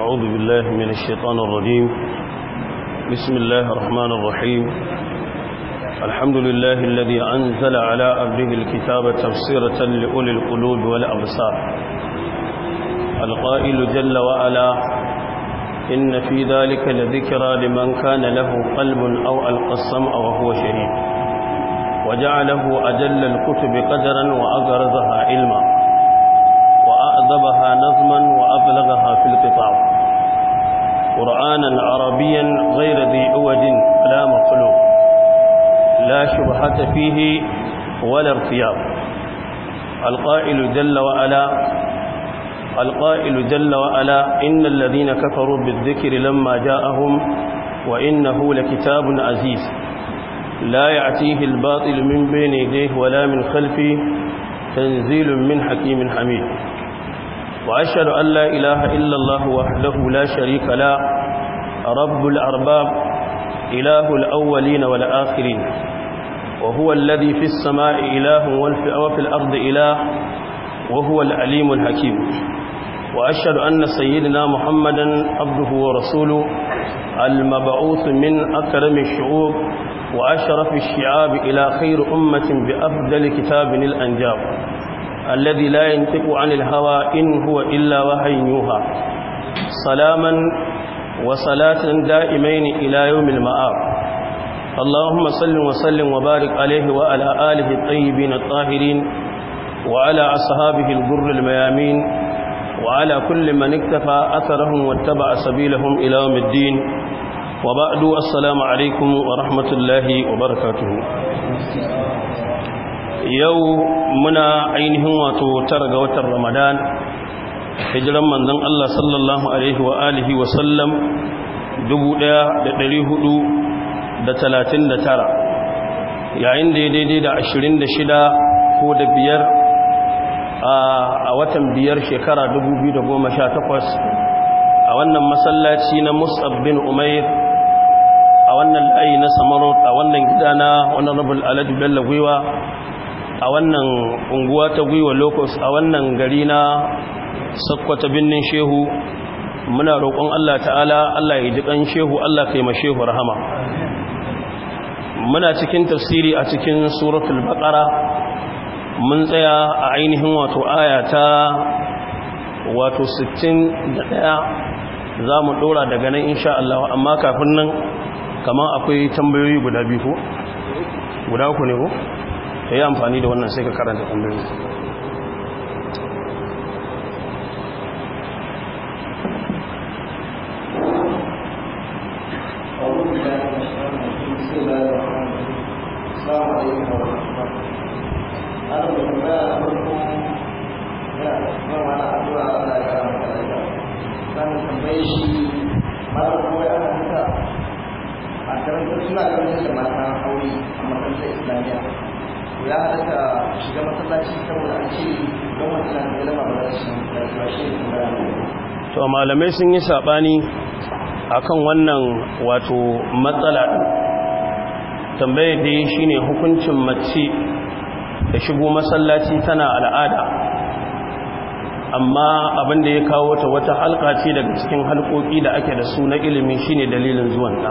أعوذ بالله من الشيطان الرجيم بسم الله الرحمن الرحيم الحمد لله الذي أنزل على أبده الكتاب تفسيرة لأولي القلوب والأبصار القائل جل وعلا إن في ذلك لذكرى لمن كان له قلب أو ألقى السمع وهو شهيد وجعله أجل الكتب قدرا وأغرزها علما وأعذبها نظما وأبلغها في القطاع قرآنا عربيا غير ذي عوج لا مخلوق لا شبهة فيه ولا ارتياب القائل جل وعلا القائل جل وعلا إن الذين كفروا بالذكر لما جاءهم وإنه لكتاب عزيز لا يعتيه الباطل من بين يديه ولا من خلفه تنزيل من حكيم حميد وأشهد أن لا إله إلا الله وحده لا شريك لا رب الأرباب إله الأولين والآخرين وهو الذي في السماء إله وفي الأرض إله وهو العليم الحكيم وأشهد أن سيدنا محمدا عبده ورسوله المبعوث من أكرم الشعوب وأشرف الشعاب إلى خير أمة بأفضل كتاب الأنجاب الذي لا ينطق عن الهوى إن هو إلا وحي يوحى سلاما وصلاة دائمين إلى يوم المآب اللهم صل وسلم وبارك عليه وعلى آله الطيبين الطاهرين وعلى أصحابه الجر الميامين وعلى كل من اكتفى أثرهم واتبع سبيلهم إلى يوم الدين وبعد السلام عليكم ورحمة الله وبركاته yau muna ainihin wato tara ga watan ramadan hijiran manzan Allah sallallahu alaihi wa alihi wa sallam 1439 yayin da ya daidai da 26 ko da biyar a watan biyar shekara 2018 a wannan masallaci na musab bin umair a wannan layi na samarot a wannan gida na honorable aladu bello a wannan unguwa ta gwiwa locus a wannan gari na sakkwata binnin shehu muna roƙon Allah ta'ala Allah ya ji ɗan shehu Allah yi ma shehu rahama muna cikin tafsiri a cikin suratul baqara mun tsaya a ainihin wato aya ta wato 61 za mu ɗora daga nan insha Allah amma kafin nan kamar akwai tambayoyi guda biyu ko guda uku ne ko ka amfani da wannan sai ka karanta kundin to malamai sun yi saɓani akan wannan wato matsala tambayar da shi shine hukuncin mace da shigo masallaci tana al'ada amma abin da ya kawo ta wata halka ce daga cikin halkoki da ake da su na ilimi shine dalilin zuwanta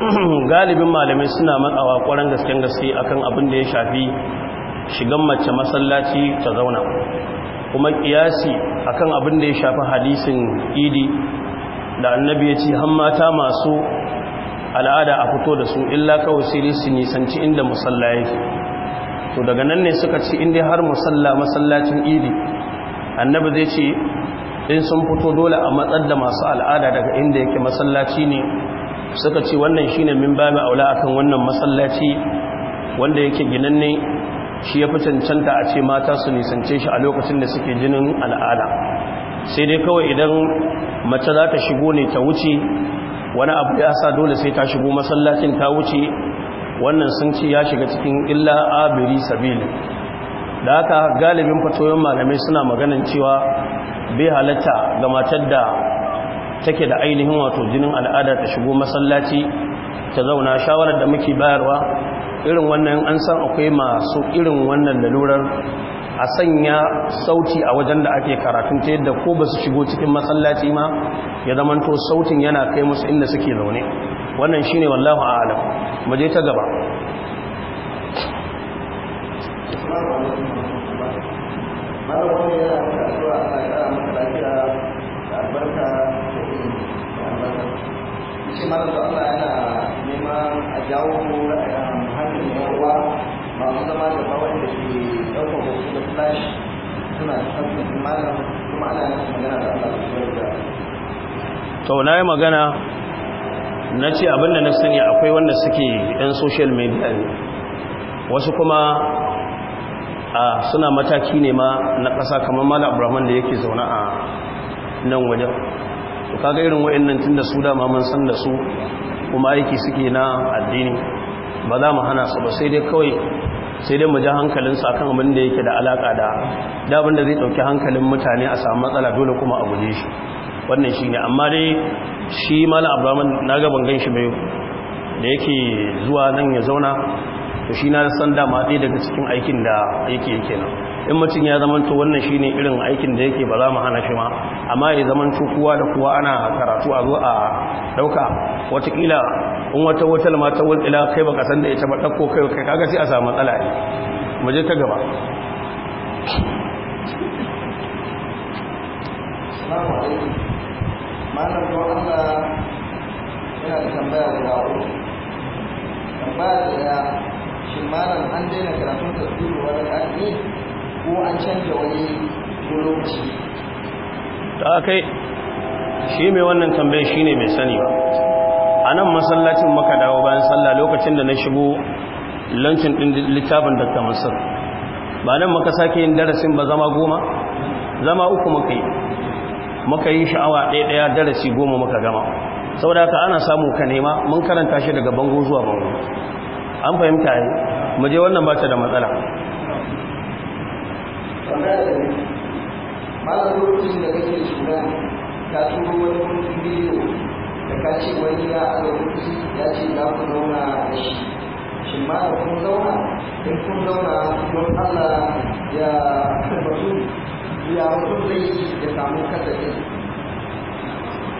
galibin malamai suna matsawa kwaran gaske gaske akan abin da ya shafi shigan mace masallaci ta zauna kuma kiyasi akan abin da ya shafi hadisin idi da annabi ya ce mata masu al'ada a fito da su illa kawai sai su nisanci inda musalla yake to daga nan ne suka ce inda har musalla masallacin idi annabi zai ce in sun fito dole a matsar da masu al'ada daga inda yake masallaci ne suka ce wannan shine min babu aula akan wannan masallaci wanda yake ginanne shi ya fi cancanta a ce mata su nisance shi a lokacin da suke jinin al'ada sai dai kawai idan mace za ta shigo ne ta wuce wani abu ya sa dole sai ta shigo masallacin ta wuce wannan sun ci ya shiga cikin illa abiri sabili da haka galibin fatoyin malamai suna maganin cewa bai halatta ga matar da take da ainihin wato jinin al'ada ta shigo masallaci ta zauna shawarar da muke bayarwa irin wannan an san akwai masu irin wannan lalurar a sanya sauti a wajen da ake karatun ta yadda ko ba su shigo cikin masallaci ma ya zamanto sautin yana kai musu inda suke zaune wannan shine wallahu a'lam mu je ta gaba ce mara da a jawo masu zama da wanda ke da flash suna malam kuma ana yin magana da Allah da to na yi magana na ce abinda na sani akwai wanda suke yan social media ne wasu kuma a suna mataki ne ma na ƙasa kamar mala abraman da yake zaune a nan wajen to kaga irin wa'annan tun da su dama mun san da su kuma aiki suke na addini ba za mu hana su ba sai dai kawai sai dai mu hankalin hankalinsu kan abin da yake da alaka da da da zai dauki hankalin mutane a samu matsala dole kuma a guje shi wannan shi ne amma dai shi malam abraman na ga ban shi mai da yake zuwa nan ya zauna to shi na san dama ɗaya daga cikin aikin da yake yake nan in mutum ya zamanto wannan shine irin aikin da yake ba za mu hana shi ma amma ya zamanto kowa da kowa ana karatu a zo a dauka watakila in wata wutar ma ta wulƙila kai baka san da ita ba ɗauko kai kai kaga sai a samu matsala ne mu je ta gaba malam don Allah yana da tambaya da uku tambaya da ya shi malam an daina karatun tasiri wani ne ko an canza wani lokaci aka ah, yi. shi mai wannan tambayar shi ne mai sani ba a nan masallacin maka dawo bayan sallah lokacin da na shigo lancin ɗin littafin dr masar ba nan maka sake yin darasin ba zama goma zama uku maka yi maka yi sha'awa ɗaya ɗaya darasi goma maka gama saboda haka ana samu ka nema mun karanta shi daga bango zuwa bango an fahimta yi je wannan ba ta da matsala tambaya da nake malam lokacin da kake shuga ka turo wani kundin bidiyo da ka ce wani ya ala kuɗi ya ce za ku zauna da shi shin malam kun zauna in kun zauna don allah ya batu ya mutum zai ya samu kasafin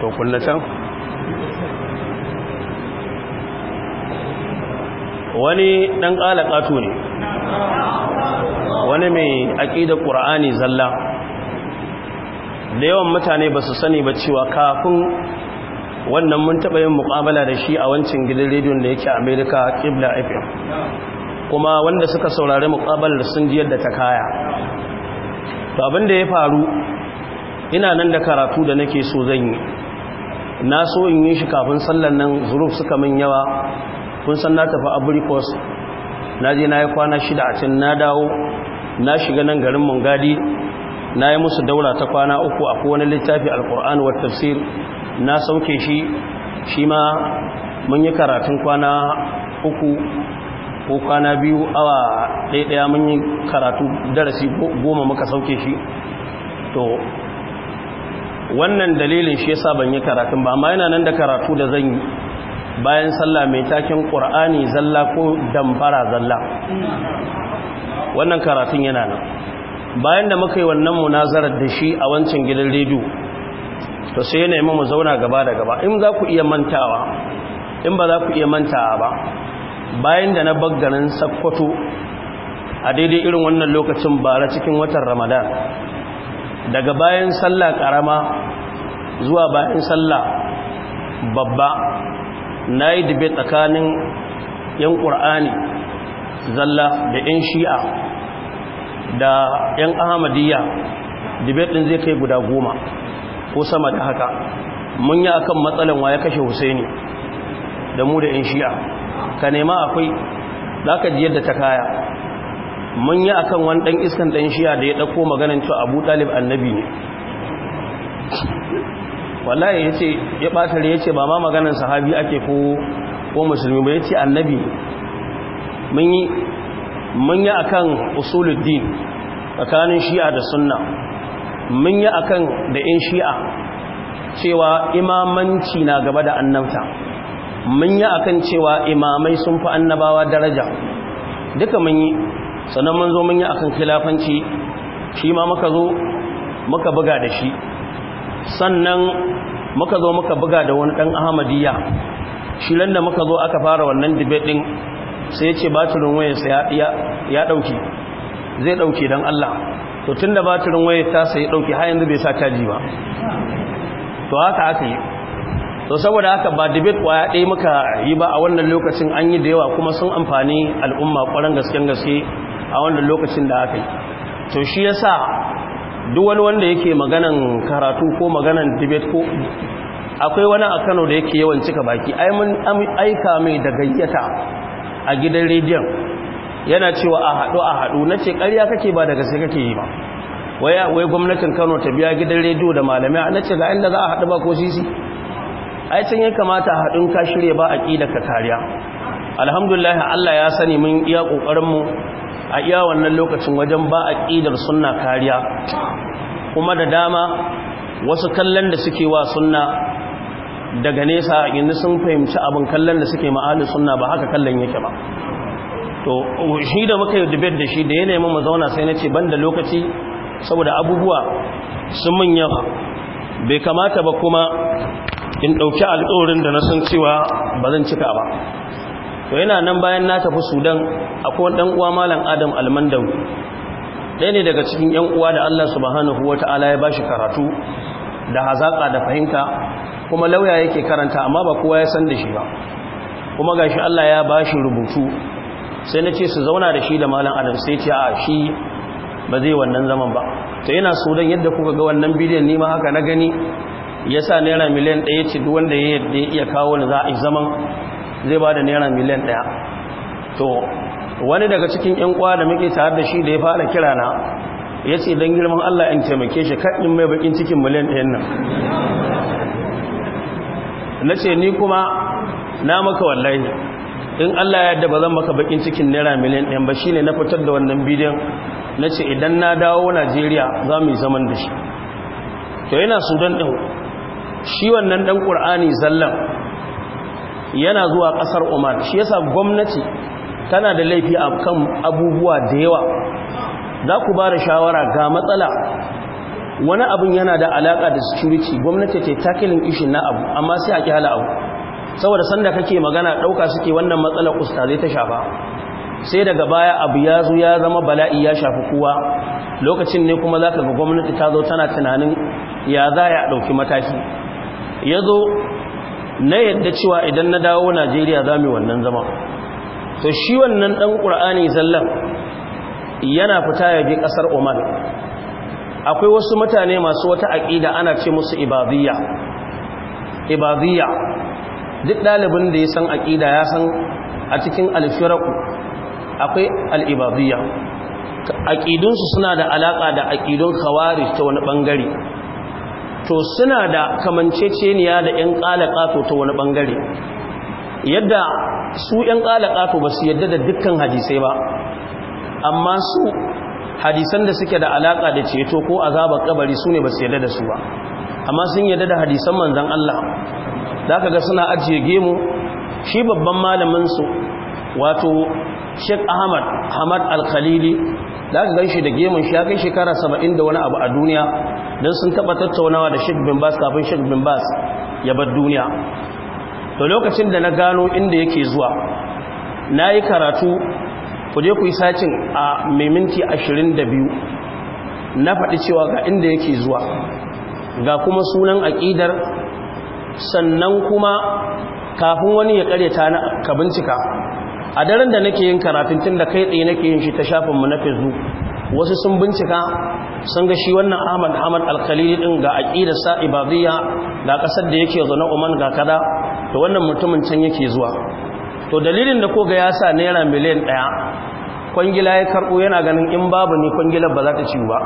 to kullatan wani ɗan ƙala ƙato ne wani mai aƙidar ƙura'ani zalla da yawan mutane ba su sani ba cewa kafin wannan mun taɓa yin muƙamala da shi a wancan gidan rediyon da yake amerika ƙibla fm kuma wanda suka saurari muƙabalar sun ji yadda ta kaya to abin da ya faru ina nan da karatu da nake so zan yi na so in yi shi kafin sallan nan zuruf suka min yawa kun san na tafi abrikos na je na yi kwana shida a cin na dawo na shiga nan garin mungadi na yi musu daura ta kwana uku a kowane littafi alkur'an wa tafsir na sauke shi shi ma mun yi karatun kwana uku ko kwana biyu awa ɗaya mun yi karatu darasi goma muka sauke shi to wannan dalilin shi yasa ban yi karatun ba amma yana nan da karatu da zan yi bayan sallah mai takin ƙur'ani zalla ko damfara zalla wannan karatun yana nan bayan da muka yi wannan munazarar da shi a wancan gidan rediyo to sai yana mu zauna gaba da gaba in za ku iya mantawa in ba za ku iya mantawa ba bayan da na baggarin sakkwato a daidai irin wannan lokacin bara cikin watan ramadan daga bayan sallah karama zuwa bayan sallah babba na yi dibe tsakanin yan ƙur'ani zalla da yan shi'a da yan ahmadiyya debate din zai kai guda goma ko sama da haka mun yi akan matsalan ya kashe husaini da mu da yan shi'a ka nema akwai za ka ji yadda ta kaya mun yi akan wani ɗan iskan ɗan shi'a da ya ɗauko maganin cewa abu ɗalib annabi ne wallahi ya ce ya ɓatar ya ce ba ma maganin sahabi ake ko musulmi ba ya ce annabi mun yi mun yi a kan usuluddin tsakanin shi'a da sunna mun yi a kan da yan shi'a cewa imamanci na gaba da annabta mun yi a kan cewa imamai sun fi annabawa daraja duka mun yi sannan mun zo mun yi a kan kilafanci shi ma muka zo muka buga da shi sannan muka zo muka buga da wani ɗan ahmadiyya shi da muka zo aka fara wannan dibe ɗin sai ya ce batirin wayarsa ya ɗauki zai ɗauki don Allah to tun da batirin wayar ta sai ɗauki har yanzu bai sa caji ba to haka haka yi to saboda haka ba debate kwaya ɗaya muka yi ba a wannan lokacin an yi da yawa kuma sun amfani al'umma ƙwarar gasken gaske a wannan lokacin da aka yi to shi ya sa duk wani wanda yake maganan karatu ko maganan dibet ko akwai wani a Kano da yake yawan cika baki ai mun aika mai da gayyata a gidan rediyon yana cewa a haɗu a haɗu na ce ƙarya kake ba daga sai kake yi ba wai gwamnatin kano ta biya gidan rediyo da malamai na ce ga inda za a haɗu ba ko sisi ai can ya kamata haɗun ka shirya ba a ƙi ka kariya alhamdulillah allah ya sani mun iya ƙoƙarinmu a iya wannan lokacin wajen ba a ƙidar sunna kariya kuma da dama wasu kallon da suke wa sunna daga nesa inda sun fahimci abin kallon da suke ma'alin suna ba haka kallon yake ba to shi da muka yi dubet da shi da ya nemi mu zauna sai na ce ban da lokaci saboda abubuwa sun manya ba bai kamata ba kuma in ɗauki alƙawarin da na san cewa ba zan cika ba to yana nan bayan na tafi sudan akwai ɗan uwa malam adam almandau ɗaya ne daga cikin ‘yan uwa da Allah subhanahu wa ta'ala ya ba shi karatu da hazaƙa da fahimta kuma lauya yake karanta amma ba kowa ya san da shi ba kuma gashi Allah ya bashi rubutu sai na ce su zauna da shi da malam adam sai ce a shi ba zai wannan zaman ba to yana so dan yadda kuka ga wannan bidiyon ni haka na gani yasa naira miliyan ɗaya ce duk wanda ya iya kawo ni za a zaman zai ba da naira miliyan ɗaya. to wani daga cikin yan kwa da muke tare da shi da ya fara kirana ya ce don girman Allah in taimake shi kaɗin mai bakin cikin miliyan ɗayan nan na ce ni kuma na maka wallahi in Allah ya yadda zan maka bakin cikin naira miliyan ɗayan ba shine na fitar da wannan bidiyon na ce idan na dawo Najeriya za mu yi zaman da shi to yana sudan ɗin shi wannan ɗan ƙur'ani zallan yana zuwa ƙasar Oman shi yasa gwamnati tana da laifi a kan abubuwa da yawa za ku ba da shawara ga matsala wani abin yana da alaƙa da security gwamnati ke takilin ishin na abu amma sai a hala abu saboda sanda kake magana ɗauka suke wannan matsalar ustazai ta shafa sai daga baya abu ya zo ya zama bala'i ya shafi kowa lokacin ne kuma za ka ga gwamnati ta zo tana tunanin ya za ya ɗauki mataki ya zo na yadda cewa idan na dawo najeriya za mu yi wannan zama to shi wannan ɗan ƙur'ani zallan yana fita ya bi kasar Oman akwai wasu mutane masu wata aƙida ana ce musu ibadiyya ibadiyya duk ɗalibin da ya san aƙida ya san a cikin alfiraku akwai al'ibadiyya aƙidunsu suna da alaƙa da aƙidun kawari ta wani ɓangare to suna da kamanceceniya da ‘yan ƙalaƙato ta wani ɓangare yadda su ‘yan ƙalaƙato ba su yadda da dukkan hadisai ba amma su hadisan da suke da alaka da ceto ko azabar kabari su ne ba su yada da su ba amma sun yada da hadisan manzan Allah da aka ga suna ajiye gemu shi babban malaminsu wato sheik ahmad hamad al-khalili da aka ganshi da gemun shi ya kai shekara saba'in da wani abu a duniya don sun taɓa tattaunawa da sheik bin bas kafin sheik bin bas ya bar duniya to lokacin da na gano inda yake zuwa na yi karatu ku je ku yi sacin a mai minti biyu. na faɗi cewa ga inda yake zuwa ga kuma sunan aƙidar sannan kuma kafin wani ya ƙaryata na ka bincika a daren da nake yin karatun tun da kai tsaye nake yin shi ta mu na facebook wasu sun bincika sun ga shi wannan ahmad ahmad alkhalili ɗin ga aqida saibaziya ga ƙasar da yake zaune Oman ga kada da wannan mutumin can yake zuwa to dalilin da koga ya sa naira miliyan ɗaya kwangila ya karɓo yana ganin in babu ne kwangilar ba za ta ciwu ba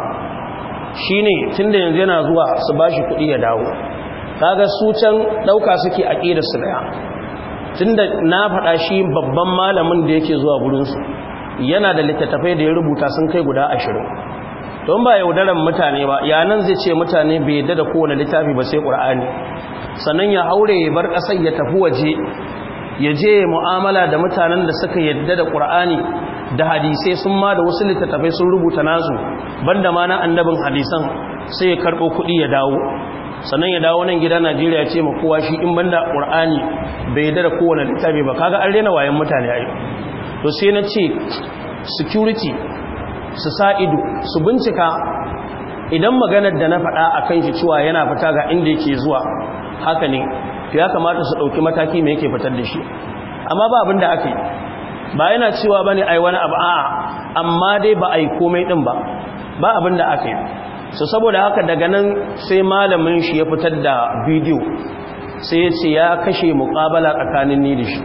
shi ne tun da yanzu yana zuwa su ba shi kuɗi ya dawo kaga su can ɗauka suke aƙida su daya. tun da na faɗa shi babban malamin da yake zuwa gurinsu yana da littattafai da ya rubuta sun kai guda ashirin don ba yaudaran mutane ba yanan zai ce mutane bai yadda da kowane littafi ba sai ƙur'ani sannan ya haure ya bar ƙasar ya tafi waje ya je mu'amala da mutanen da suka yadda da ƙur'ani da hadisai sun ma da wasu littattafai sun rubuta nasu banda ma na annabin hadisan sai ya karɓo kuɗi ya dawo sannan ya dawo nan gida najeriya ce ma kowa shi in banda ƙur'ani bai yadda da kowane littafi ba kaga an rena wayan mutane a to sai na ce security su sa ido su bincika idan maganar da na faɗa a kan shi cewa yana fita ga inda yake zuwa haka ne to ya kamata su ɗauki mataki mai yake fitar da shi amma ba abin da aka yi ba yana cewa bane ai wani abu a amma dai ba a komai din ba ba abin da aka yi So saboda haka daga nan sai malamin shi ya fitar da bidiyo sai ya ce ya kashe muƙabala tsakanin ni da shi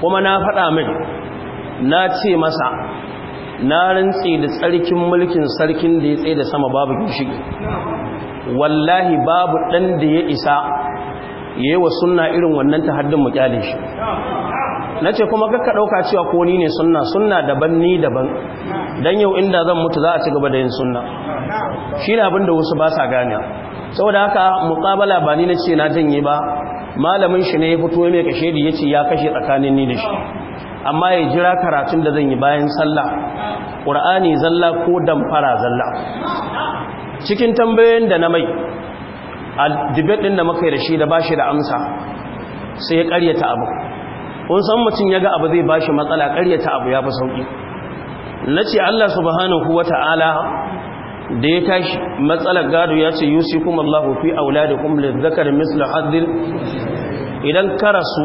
kuma na faɗa min na ce masa na rantse da tsarkin mulkin sarkin da ya tsaye da sama babu gishi wallahi babu ɗan da ya isa yi wa sunna irin wannan ta haddin mu kyale shi na ce kuma kakka ɗauka cewa ko ni ne sunna sunna daban ni daban don yau inda zan mutu za a ci gaba da yin sunna shi ne abinda wasu ba sa gane saboda haka muƙabala ba ni na ce na janye ba malamin shi ne ya fito mai kashe da ya ce ya kashe tsakanin ni da shi amma ya jira karatun da zan yi bayan sallah ƙur'ani zalla ko damfara zalla cikin tambayoyin da na mai a dibet din da muka yi da shi da bashi da amsa sai ya karyata abu kun san mutum ya ga abu zai bashi matsala karyata abu ya fi sauki na ce Allah subhanahu wa ta'ala da ya tashi matsalar gado ya ce yusi kuma Allah fi auladikum zakar mislu haddil idan karasu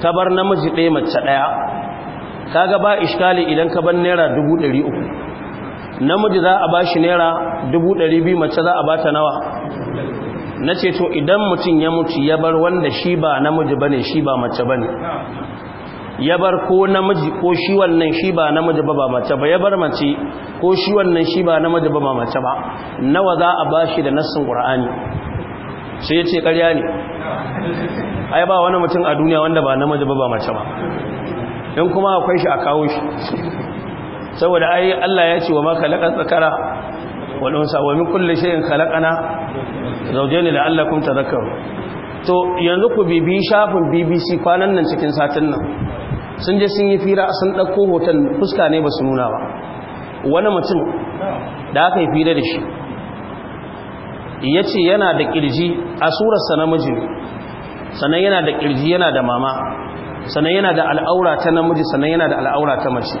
ta bar namiji ɗaya mace ɗaya kaga ba iskali idan ka bar naira uku namiji za a ba bashi naira biyu mace za a ba ta nawa na ce to idan mutum ya mutu ya bar wanda shi ba namiji bane shi ba mace ba ne. ya bar ko namiji ko shi wannan shi ba namiji ba ba mace ba ya bar mace ko shi wannan shi ba namiji ba ba mace ba nawa za a bashi da nassin qur'ani sai ya ce ƙarya ne ai ba wani mutum a duniya wanda ba namiji ba ba mace ba in kuma akwai shi a kawo shi saboda ai Allah ya ce wa maka laqad zakara wal'unsa wa min kulli shay'in khalaqana zawjayn la'allakum tadhakkarun to yanzu ku bibi shafin BBC kwanan nan cikin satin nan sun je sun yi fira sun dauko hoton fuska ne ba su nuna ba wani mutum da aka yi fira da shi yace yana da kirji a surarsa namiji sannan yana da kirji yana da mama sannan yana da al'aura ta namiji sannan yana da al'aura ta mace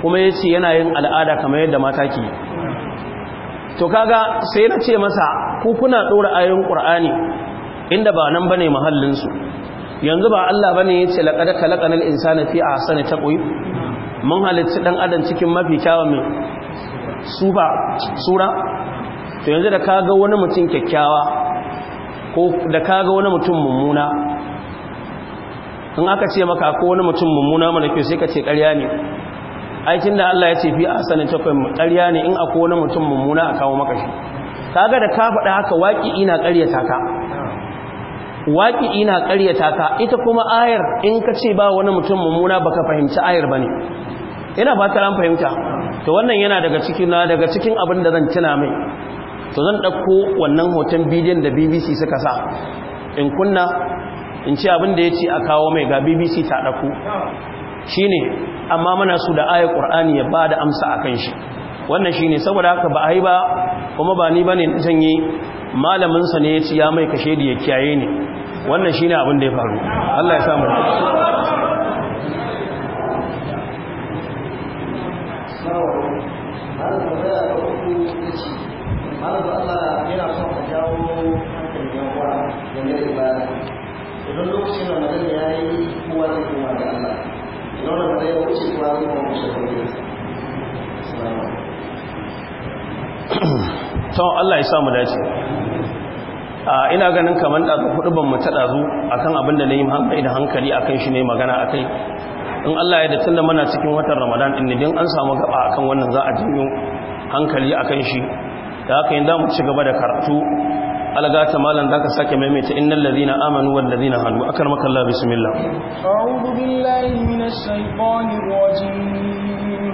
kuma yace yana yin al'ada kamar yadda mata ke to kaga sai na ce masa ku kuna dora ayoyin qur'ani inda ba nan bane mahallin su yanzu ba Allah bane yace laqad khalaqanal insana fi ahsani taqwim mun halitta dan adam cikin mafi kyawun mai sura to yanzu da kaga wani mutum kyakkyawa ko da kaga wani mutum mummuna in aka ce maka ko wani mutum mummuna mana ke sai ka ce ƙarya ne aikin da Allah ya ce fi ahsanin taqwim ƙarya ne in akwai wani mutum mummuna a kawo maka shi kaga da ka faɗa haka waki ina ƙaryata ka waki ina ƙaryata ka ita kuma ayar in ka ce ba wani mutum mummuna baka fahimci ayar ba ne. ina fatar an fahimta to wannan yana daga cikin daga cikin abin da zan tuna mai to zan ɗauko wannan hoton bidiyon da BBC suka sa in kunna in ce abin da ya ce a kawo mai ga BBC ta ɗauko Shi ne amma mana su da ayar ƙur'ani ya bada amsa a kan shi wannan shi ne saboda haka ba yi ba kuma ba ni ba ne zan yi malaminsa ne ne ci ya mai kashe da ya kiyaye ni wannan ne abin da ya faru Allah ya samu idan lokacin ya yi kowa da kowa Nono da ya wuce kwanan da To Allah ya sa mu dace. Ah, ina ganin kamar da hudu ban mu ta a kan abin da na yi hankali da hankali a kan shi ne magana a kai. in Allah ya da tunda muna cikin watan Ramadan din din an samu gaba a kan wannan za a jinyo hankali a kan shi da haka yin mu ci gaba da karatu algata ta malam zaka sake maimaita innal ladina amanu wal ladina hadu akar makalla bismillah a'udhu billahi minash shaitanir rajim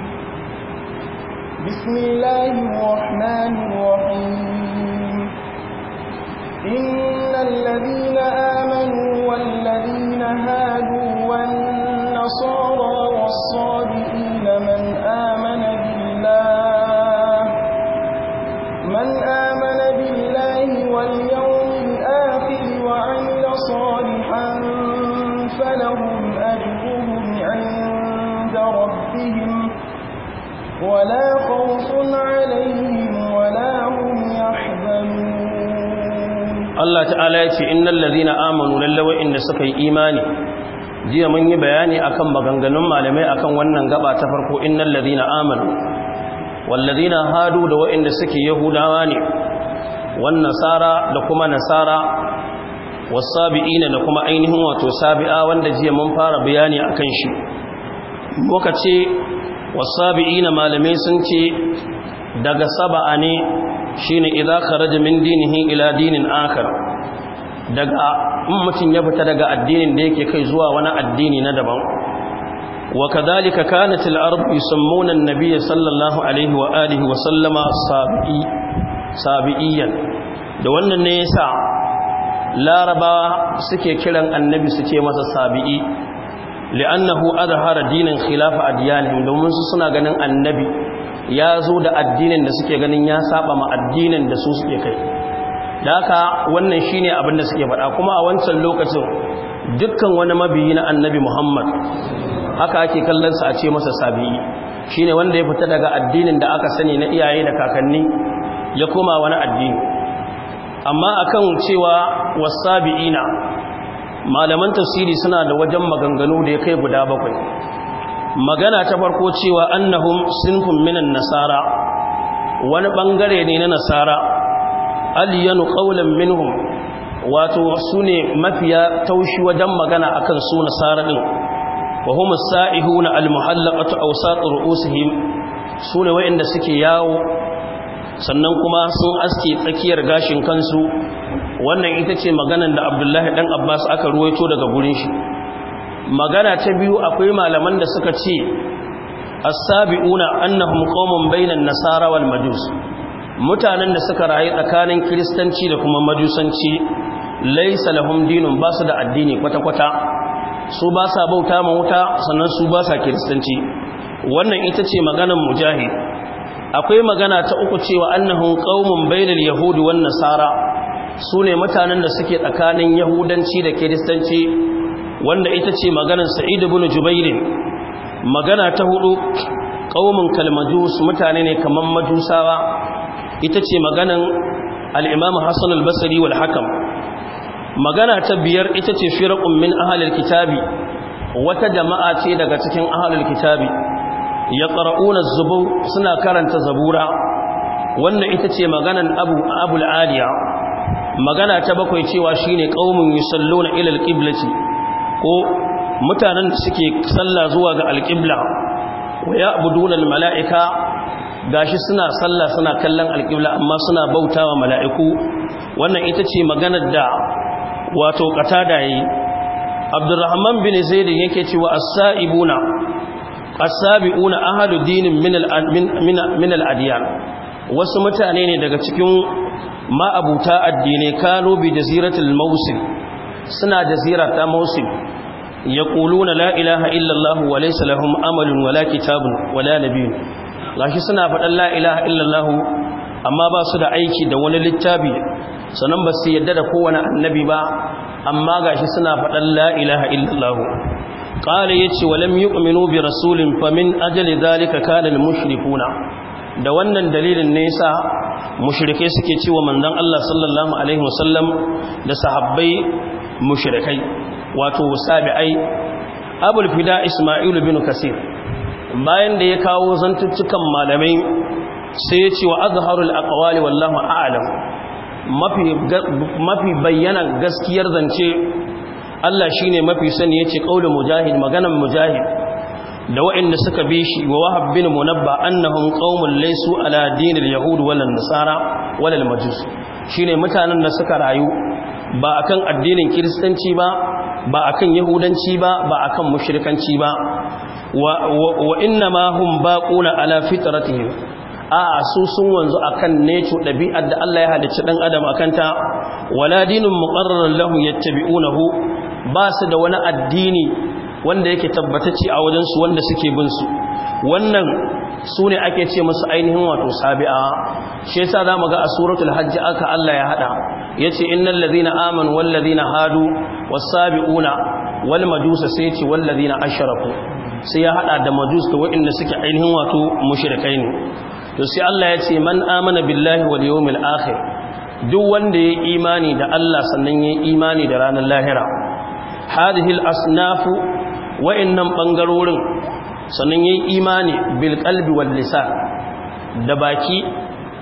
bismillahir rahmanir rahim innal ladina amanu wal ladina Allah ta'ala ya ce innal ladhina amanu lallawa inda suka yi imani jiya mun yi bayani akan maganganun malamai akan wannan gaba ta farko innal ladhina amanu wal ladhina hadu da wa'inda suke yahudawa ne wan nasara da kuma nasara sabi'ina da kuma ainihin wato sabi'a wanda jiya mun fara bayani akan shi muka ce sabi'ina malamai sun ce daga saba'a ne shine idza kharaja min dinihi ila dinin akhar daga in mutum ya fita daga addinin da yake kai zuwa wani addini na daban wa kadhalika kanat al-arab yusammuna an-nabiy sallallahu alaihi wa alihi wa sallama sabi'i sabi'iyan da wannan ne yasa larabawa suke kiran annabi su masa sabi'i li'annahu azhara dinan khilafa adyanihim domin su suna ganin annabi ya zo da addinin da suke ganin ya saba ma addinin da su suke kai da haka wannan shine abin da suke faɗa kuma a wancan lokacin dukkan wani mabiyi na annabi muhammad haka ake kallonsa a ce masa sabi'i shine wanda ya fita daga addinin da aka sani na iyaye da kakanni ya koma wani addini amma akan cewa wasabi'ina malaman tafsiri suna da wajen maganganu da ya kai guda bakwai magana ta farko cewa annahum sinfun minan nasara wani bangare ne na nasara aliyanu qaulan minhum wato su ne mafiya taushi wajen magana akan su nasara din wa hum as-sa'ihuna al-muhallaqatu awsat ru'usihim ne wayanda suke yawo sannan kuma sun aske tsakiyar gashin kansu wannan ita ce maganar da Abdullahi dan Abbas aka ruwaito daga gurin shi magana ta biyu akwai malaman da suka ce as-sabiuna annahum qawmun bainan nasara wal majus mutanen da suka rayu tsakanin kristanci da kuma majusanci laysa lahum dinun ba da addini kwata-kwata su ba sa bauta ma wuta sannan su ba sa kristanci wannan ita ce maganar mujahid akwai magana ta uku cewa annahum qawmun bainal yahudi wan nasara sune mutanen da suke tsakanin yahudanci da kristanci wanda ita ce maganar sa'id ibn jubair magana ta hudu qaumun kalmajus mutane ne kaman majusawa ita ce maganar al-imam hasan al-basri wal hakam magana ta biyar ita ce firqun min ahlil kitabi wata jama'a ce daga cikin ahlul kitabi yaqra'una az-zubur suna karanta zabura wannan ita ce maganan abu abul aliya magana ta bakwai cewa shine qaumun yusalluna ila al-qiblati ko mutanen da suke sallah zuwa ga alƙibla wa ya abudunal mala'ika gashi suna sallah suna kallon alƙibla amma suna bautawa mala'iku wannan ita ce maganar da wato da yi abdurrahman bin zaidin yake cewa as asa’ibuna ahadu dinin min wasu mutane ne daga cikin ma'abuta addinai kano bi jaziratul Mausin. suna jazira ta mausim ya ƙuluna la'ilaha illallahu wa laisa lahum amalin wala kitabun wala nabiyu lashi suna faɗan la'ilaha illallahu amma ba su da aiki da wani littafi sannan ba su yadda da kowane annabi ba amma ga shi suna faɗan la'ilaha illallahu ƙara ya ce walam yi ƙuminu bi rasulun famin ajali zalika kanin mushrikuna da wannan dalilin nesa mushrike suke cewa manzon Allah sallallahu alaihi wasallam da sahabbai mushirikai wato sabi'ai abul fida isma'il bin kasir bayan da ya kawo zantuttukan malamai sai ya ce wa azharul aqwali wallahu a'lam mafi mafi bayyana gaskiyar zance Allah shine mafi sani yace qaulul mujahid maganan mujahid da wa'anda suka bi shi wa wahab bin munabba annahum qaumun laysu ala dinil yahud wal nasara wal majus shine mutanen da suka rayu ba a kan addinin kiristanci ba ba akan yahudanci ba ba kan mushrikanci ba wa inna ma ba baquna ala fitratihim a su sun wanzu a kan neco ɗabi'ar da Allah ya halicci ɗan adam akan ta wala dinin bi'u na hu. ba su da wani addini wanda yake ce a wajensu wanda suke bin su wannan su ne ake ce masu ainihin wato sabi'a shi yasa zamu ga a suratul hajj aka Allah ya hada yace innal ladina amanu wal ladina hadu wasabi'una sabiuna wal majusa sai yace wal ladina ashraku sai ya hada da majus da waɗanda suke ainihin wato mushrikai ne to sai Allah ya ce man amana billahi wal yawmil akhir duk wanda ya imani da Allah sannan ya imani da ranar lahira hadhihi al asnafu wa'annan bangarorin sannan yi imani bil qalbi wal lisan da baki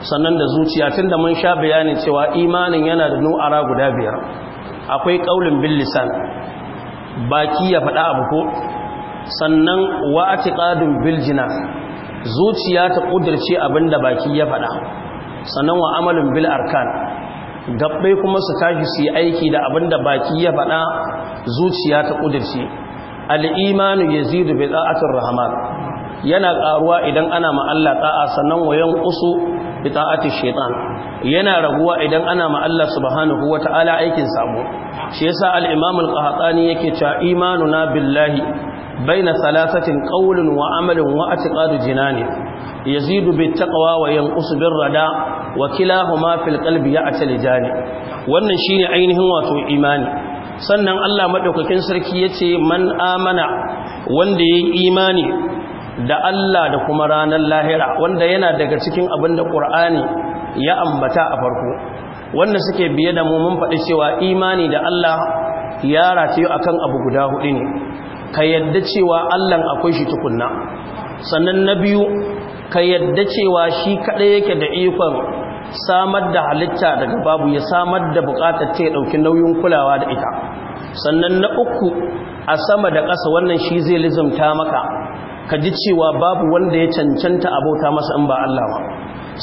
sannan da zuciya tunda mun sha bayanin cewa imanin yana da nu'ara guda biyar akwai qaulin bil lisan baki ya faɗa abu ko sannan wa atiqadun bil zuciya ta kudirce abinda baki ya faɗa sannan wa amalin bil arkan gabbai kuma su tashi su yi aiki da abinda baki ya faɗa zuciya ta kudirce al'imanu ya zidu bai tsa'atun rahamar yana ƙaruwa idan ana ma'alla ta'a sannan wayan usu bi shaitan yana raguwa idan ana ma'alla subhanahu wa ta'ala aikin samu shi yasa al'imamul ƙahatsani yake cewa imanu na billahi bai na salasatin ƙaunin wa amalin wa a tiƙadu jina ne ya zidu bai taƙawa wa yan usu bin rada wa kila huma fil ƙalbi ya a talijani wannan shi ne ainihin wato imani sannan Allah maɗaukakin sarki ya ce man amana wanda yayi imani da Allah da kuma ranar lahira wanda yana daga cikin abin da ƙur'ani ya ambata a farko wanda suke biye da mu mun faɗi cewa imani da Allah ya rataye akan abu guda hudu ne ka yadda cewa Allah akwai shi tukunna sannan na biyu ka yadda cewa shi kaɗai yake da ikon samar da halitta daga babu ya samar da bukatar ta ya dauki nauyin kulawa da ita sannan na uku a sama da ƙasa wannan shi zai lizumta maka ka ji cewa babu wanda ya cancanta abota masa in ba Allah ba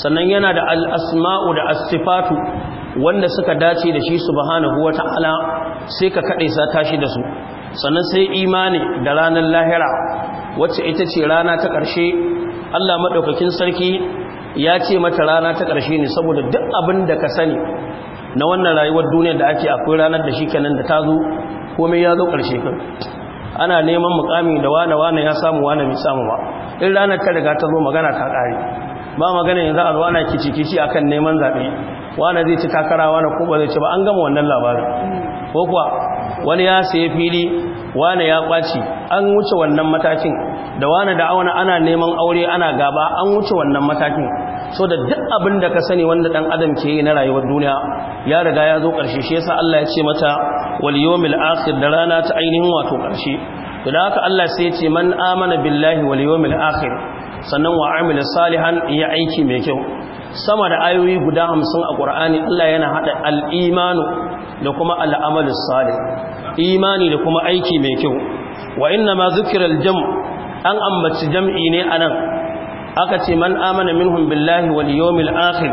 sannan yana da al'asma'u da asifatu wanda suka dace da shi su subhanahu wata'ala sai ka kaɗe sa tashi da su sannan sai imani da ranar lahira wacce ita ce rana ta ƙarshe Allah maɗaukakin sarki ya ce mata rana ta ƙarshe ne saboda duk abin da ka sani na wannan rayuwar duniya da ake akwai ranar da shi kenan da ta zo kome ya zo ƙarshe kan ana neman mukami da wane wane ya samu wane mai samu ba in ranar ta riga ta zo magana ta ƙare ba magana yanzu a zuwa kici kici akan neman zaɓe wane zai ci takara wane ko ba zai ci ba an gama wannan labarin ko kuwa wani ya sayi fili wane ya kwaci an wuce wannan matakin da wane da auna ana neman aure ana gaba an wuce wannan matakin so da duk abin da ka sani wanda dan adam ke yi na rayuwar duniya ya riga ya zo karshe shi yasa Allah ya ce mata wal yawmil akhir da rana ta ainihin wato karshe to da haka Allah sai ya ce man amana billahi wal yawmil akhir sannan wa amila salihan ya aiki mai kyau sama da ayoyi guda 50 a Qur'ani Allah yana hada al-imanu da kuma al-amalu salih imani da kuma aiki mai kyau wa inna ma zikirar jam an ambaci jam'i ne anan. aka ce man amana minhum billahi wal yawmil akhir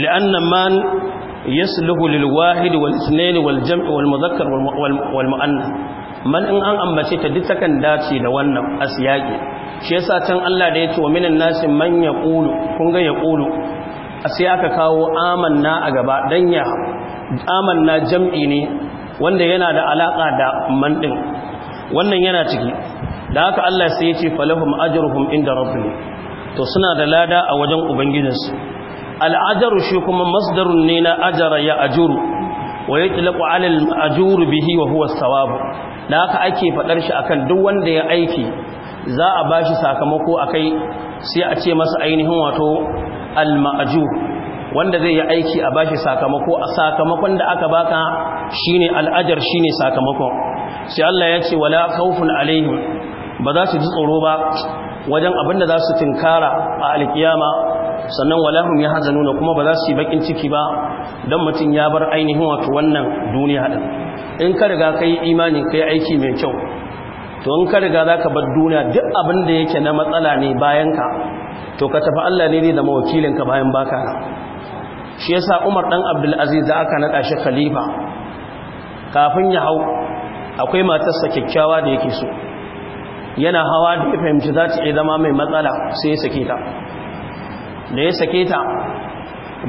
li'anna man yasluhu lil wahid wal ithnain wal jam' wal mudhakkar wal mu'annath man in an ambace ta duk takan dace da wannan asiyaki shi yasa can Allah da ya wa minan nasi man yaqulu kun ga yaqulu sai aka kawo amanna a gaba dan ya amanna jam'i ne wanda yana da alaka da man din wannan yana ciki da haka Allah sai ya ce falahum ajruhum inda rabbihim to suna da lada a wajen ubangijinsu al'ajaru shi kuma masdarun ne na ajara ya ajuru wa ya alal ajuru bihi wa huwa da haka ake faɗar shi akan duk wanda ya aiki za a bashi sakamako akai sai a ce masa ainihin wato al wanda zai yi aiki a bashi sakamako a sakamakon da aka baka shine al'ajar shine sakamakon sai Allah ya ce wala khawfun alaihim ba za su ji tsoro ba wajen abin da za su tinkara a alkiyama sannan walahum ya hazanuna kuma ba za su yi bakin ciki ba don mutum ya bar ainihin wato wannan duniya din in ka riga kai imani kai aiki mai kyau to in ka riga zaka bar duniya duk abin da yake na matsala ne bayanka, to ka tafi Allah ne ne da ka bayan baka shi yasa Umar dan Abdul Aziz da aka nada shi khalifa kafin ya hau akwai matarsa kyakkyawa da yake so yana hawa da ya fahimci za ta iya zama mai matsala sai ya sake ta da ya sake ta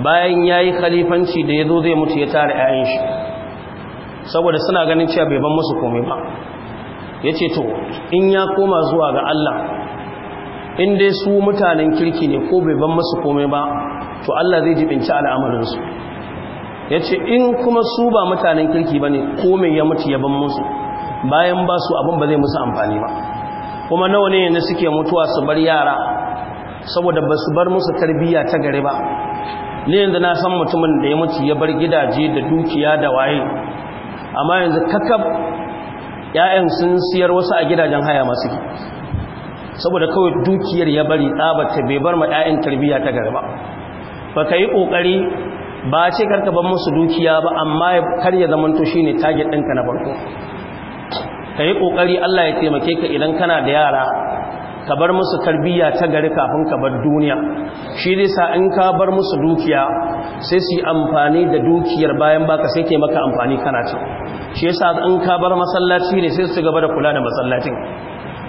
bayan ya yi khalifanci da ya zo zai mutu ya tara 'ya'yan shi saboda suna ganin cewa bai ban musu komai ba ya ce to in ya koma zuwa ga Allah in dai su mutanen kirki ne ko bai ban musu komai ba to Allah zai jibinci al'amarinsu ya ce in kuma su ba mutanen kirki ba ne kome ya mutu yaban musu bayan ba su abin ba zai musu amfani ba kuma nawa ne yanzu suke mutuwa su bar yara saboda ba su bar musu tarbiyya ta gari ba ne yanzu na san mutumin da ya mutu ya bar gidaje da dukiya da waye amma yanzu kakab ‘ya'yan sun siyar wasu a gidajen haya masu saboda kawai dukiyar ya bari tsabata bai bar ma ‘ya'yan tarbiyya ta gari ba ba ka yi ƙoƙari ba ce karka ban musu dukiya ba amma kar ya zamanto shi ne target ɗinka na farko ka yi ƙoƙari allah ya taimake ka idan kana da yara ka bar musu tarbiyya ta gari kafin ka bar duniya shi dai sa in ka bar musu dukiya sai su yi amfani da dukiyar bayan baka sai ke maka amfani kana ce shi yasa in ka bar masallaci ne sai su gaba da kula da masallacin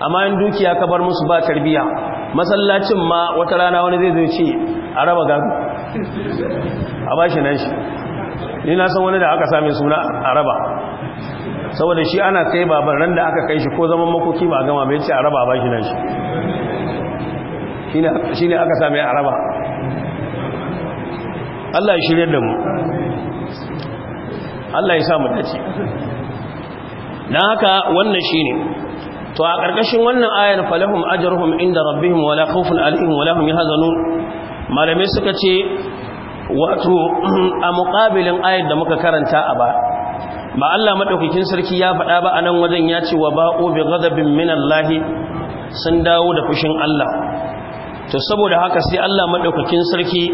amma in dukiya ka bar musu ba tarbiyya masallacin ma wata rana wani zai zai ce a raba gado a ba shi nan shi ni na san wani da aka same suna araba saboda shi ana kai baban ran da aka kai shi ko zaman makoki ba gama bai ce araba ba shi nan shi shi ne aka same araba Allah ya shirya da mu Allah ya sa mu dace Na haka wannan ne. to a ƙarƙashin wannan ayar falahum ajruhum inda rabbihim wala khawfun alaihim wala hum yahzanun malamai suka ce wato a mukabilin ayat da muka karanta a ba ba Allah maɗaukakin sarki ya faɗa ba anan nan wajen ya ce wa ba'u bi ghadabin min Allah sun dawo da fushin Allah to saboda haka sai Allah maɗaukakin sarki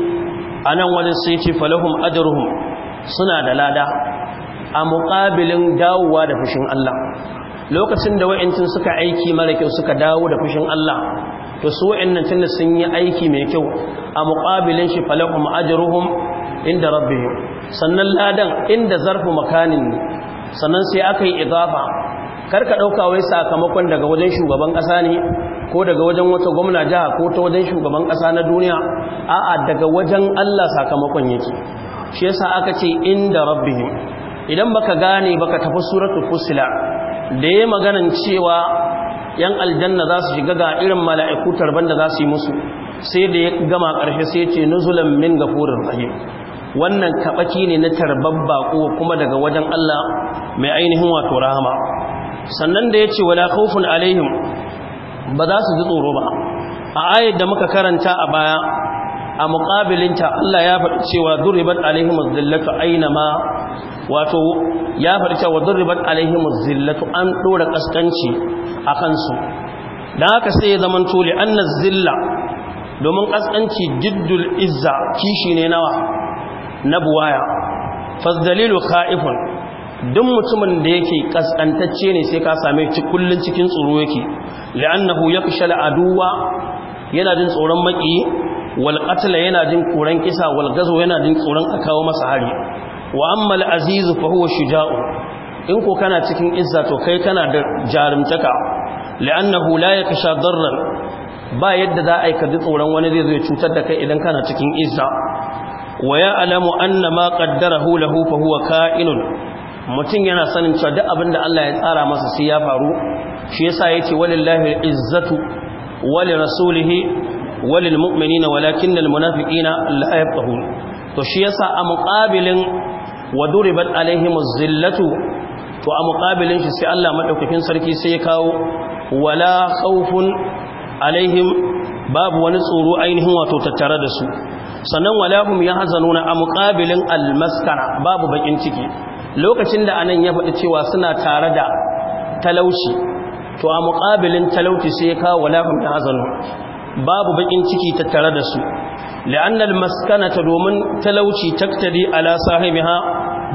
a nan wajen sai ce falahum ajruhum suna da lada a mukabilin dawowa da fushin Allah lokacin da wa'intin suka aiki mara kyau suka dawo da fushin Allah to su wa'annan tunda sun yi aiki mai kyau a muqabilin shi falahum ajruhum inda rabbihim sannan ladan inda zarfu makanin ne sannan sai aka yi idafa karka ɗauka wai sakamakon daga wajen shugaban ƙasa ne ko daga wajen wata gwamna jiha ko ta wajen shugaban ƙasa na duniya a'a daga wajen Allah sakamakon yake shi yasa aka ce inda rabbihim idan baka gane baka tafi suratul fusila da yayi maganan cewa yan aljanna za su shiga ga irin mala'iku tarban da za su yi musu sai da ya gama ƙarshe sai ce nuzulan min gafurin rahim wannan kaɓaki ne na tarban baƙo kuma daga wajen Allah mai ainihin wato rahama sannan da ya ce wala khawfun alaihim ba za su ji tsoro ba a ayat da muka karanta a baya a muƙabilinta Allah ya faɗi cewa duribat alaihim az aina ma wato ya faɗi cewa durribat alaihim zillatu an dora kaskanci akan su dan haka sai ya zaman tuli anna zilla domin kaskanci jiddul izza kishi ne nawa na buwaya fazdalilu khaifun duk mutumin da yake kaskantacce ne sai ka same shi kullun cikin tsoro yake li'annahu yakshal aduwa yana jin tsoron maki wal qatl yana jin koran kisa wal gazo yana jin tsoron akawo masa hari wa amma al'azizu fa huwa shuja'u in ko kana cikin izza to kai kana da jarumtaka hula ya kasha darran ba yadda za a yi ka tsoron wani zai zai cutar da kai idan kana cikin izza wa ya alamu anna ma qaddarahu hula hufa huwa ka'inun mutum yana sanin cewa duk abin da Allah ya tsara masa sai ya faru shi yasa yace walillahi izzatu wali rasulihi walil mu'minina walakinnal munafiqina la yafqahun to shi sa a muqabilin wa duribat alaihim zillatu to a muqabilin shi sai Allah madaukakin sarki sai ya kawo wala khawfun alaihim babu wani tsoro ainihin wato tattare da su sannan wala hum yahzanuna a muqabilin almaskara babu bakin ciki lokacin da anan ya faɗi cewa suna tare da talauci to a muqabilin talauci sai ya kawo wala hum yahzanuna babu bakin ciki tattare da su la'annal maskanata domin talauci taktari ala sahibiha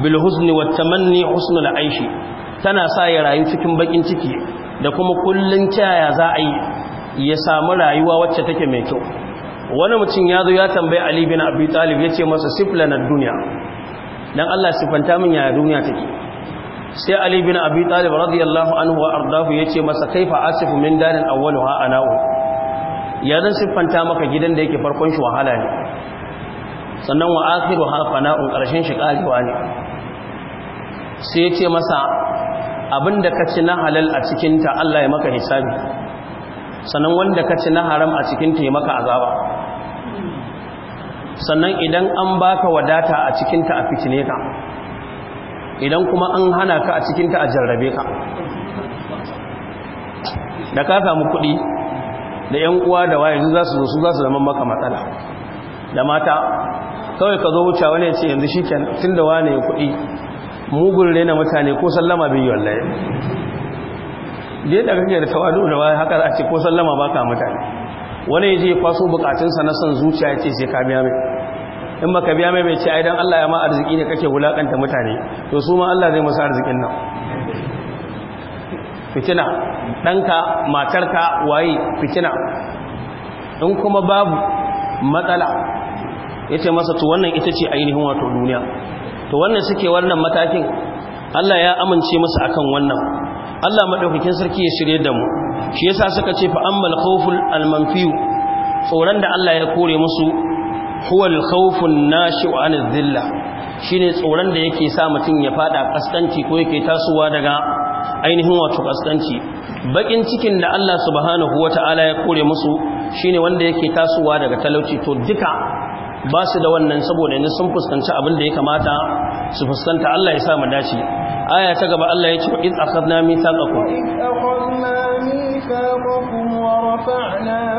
bil huzni wat tamanni husnul aishi tana sa ya rayu cikin bakin ciki da kuma kullun taya za a yi ya samu rayuwa wacce take mai kyau wani mutum ya zo ya tambayi ali bin abi talib yace masa siflana dunya dan Allah sifanta min ya duniya take sai ali bin abi talib radiyallahu anhu wa ardahu yace masa kaifa asifu min darin awwaluha ana'u ya zan siffanta maka gidan da yake farkon shi wahala ne sannan wa akhiru ha fana'un karshen shi karewa ne sai ya ce masa abinda ka ci na halal a cikin ta Allah ya maka hisabi sannan wanda ka ci na haram a cikin ta ya maka azaba sannan idan an baka wadata a cikin ta a fitine ka idan kuma an hana ka a cikin ta a jarrabe ka da ka samu kuɗi da yan uwa da waye za su zo su za su zama maka matsala da mata kawai ka zo wuce wani ce yanzu shi kenan tun da ya kuɗi mugun rena mutane ko sallama bai yi wallaye dai da kake da tawadu da waye haka a ce ko sallama baka mutane wani ya je kwaso bukatunsa na son zuciya ya ce sai ka biya mai in baka biya mai mai ce ai dan Allah ya ma arziki ne kake wulakanta mutane to su ma Allah zai musu arzikin nan fitina ɗanka matarka waye fitina in kuma babu matsala ya masa to wannan ita ce ainihin wato duniya to wannan suke wannan matakin Allah ya amince masa akan wannan Allah madaukakin sarki ya shirye da mu shi yasa suka ce fa ammal khawful almanfiyu tsoron da Allah ya kore musu huwal khawfun nashi'u anil dhilla shine tsoron da yake sa mutum ya fada kaskanci ko yake tasowa daga ainihin wato kaskanci bakin cikin da Allah subhanahu wa ta'ala ya kore musu shine wanda yake tasowa daga talauci to duka ba su da wannan saboda ne sun fuskanci abin da ya kamata su fuskanta Allah ya sa mu dace aya ta gaba Allah ya ce in akhadna mithaqakum iz akhadna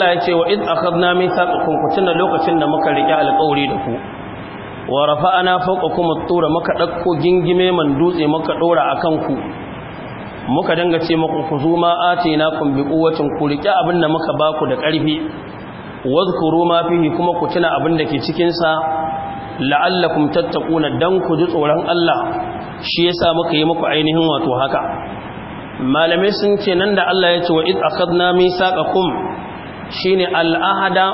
Allah ya ce wa id akhadna mithaqakum kutuna lokacin da muka rike alƙawari da ku wa rafa'ana fawqakum at-tura muka dakko gingime man dutse muka dora akan ku muka danga ce muku kuzu ma atinakum bi quwwatin ku rike abin da muka baku da ƙarfi wadhkuru ma fihi kuma ku tuna abin da ke cikin sa la'allakum tattaquna dan ku ji tsoron Allah shi yasa muka yi muku ainihin wato haka malamai sun ce nan da Allah ya ce wa id akhadna mithaqakum shine al'ahada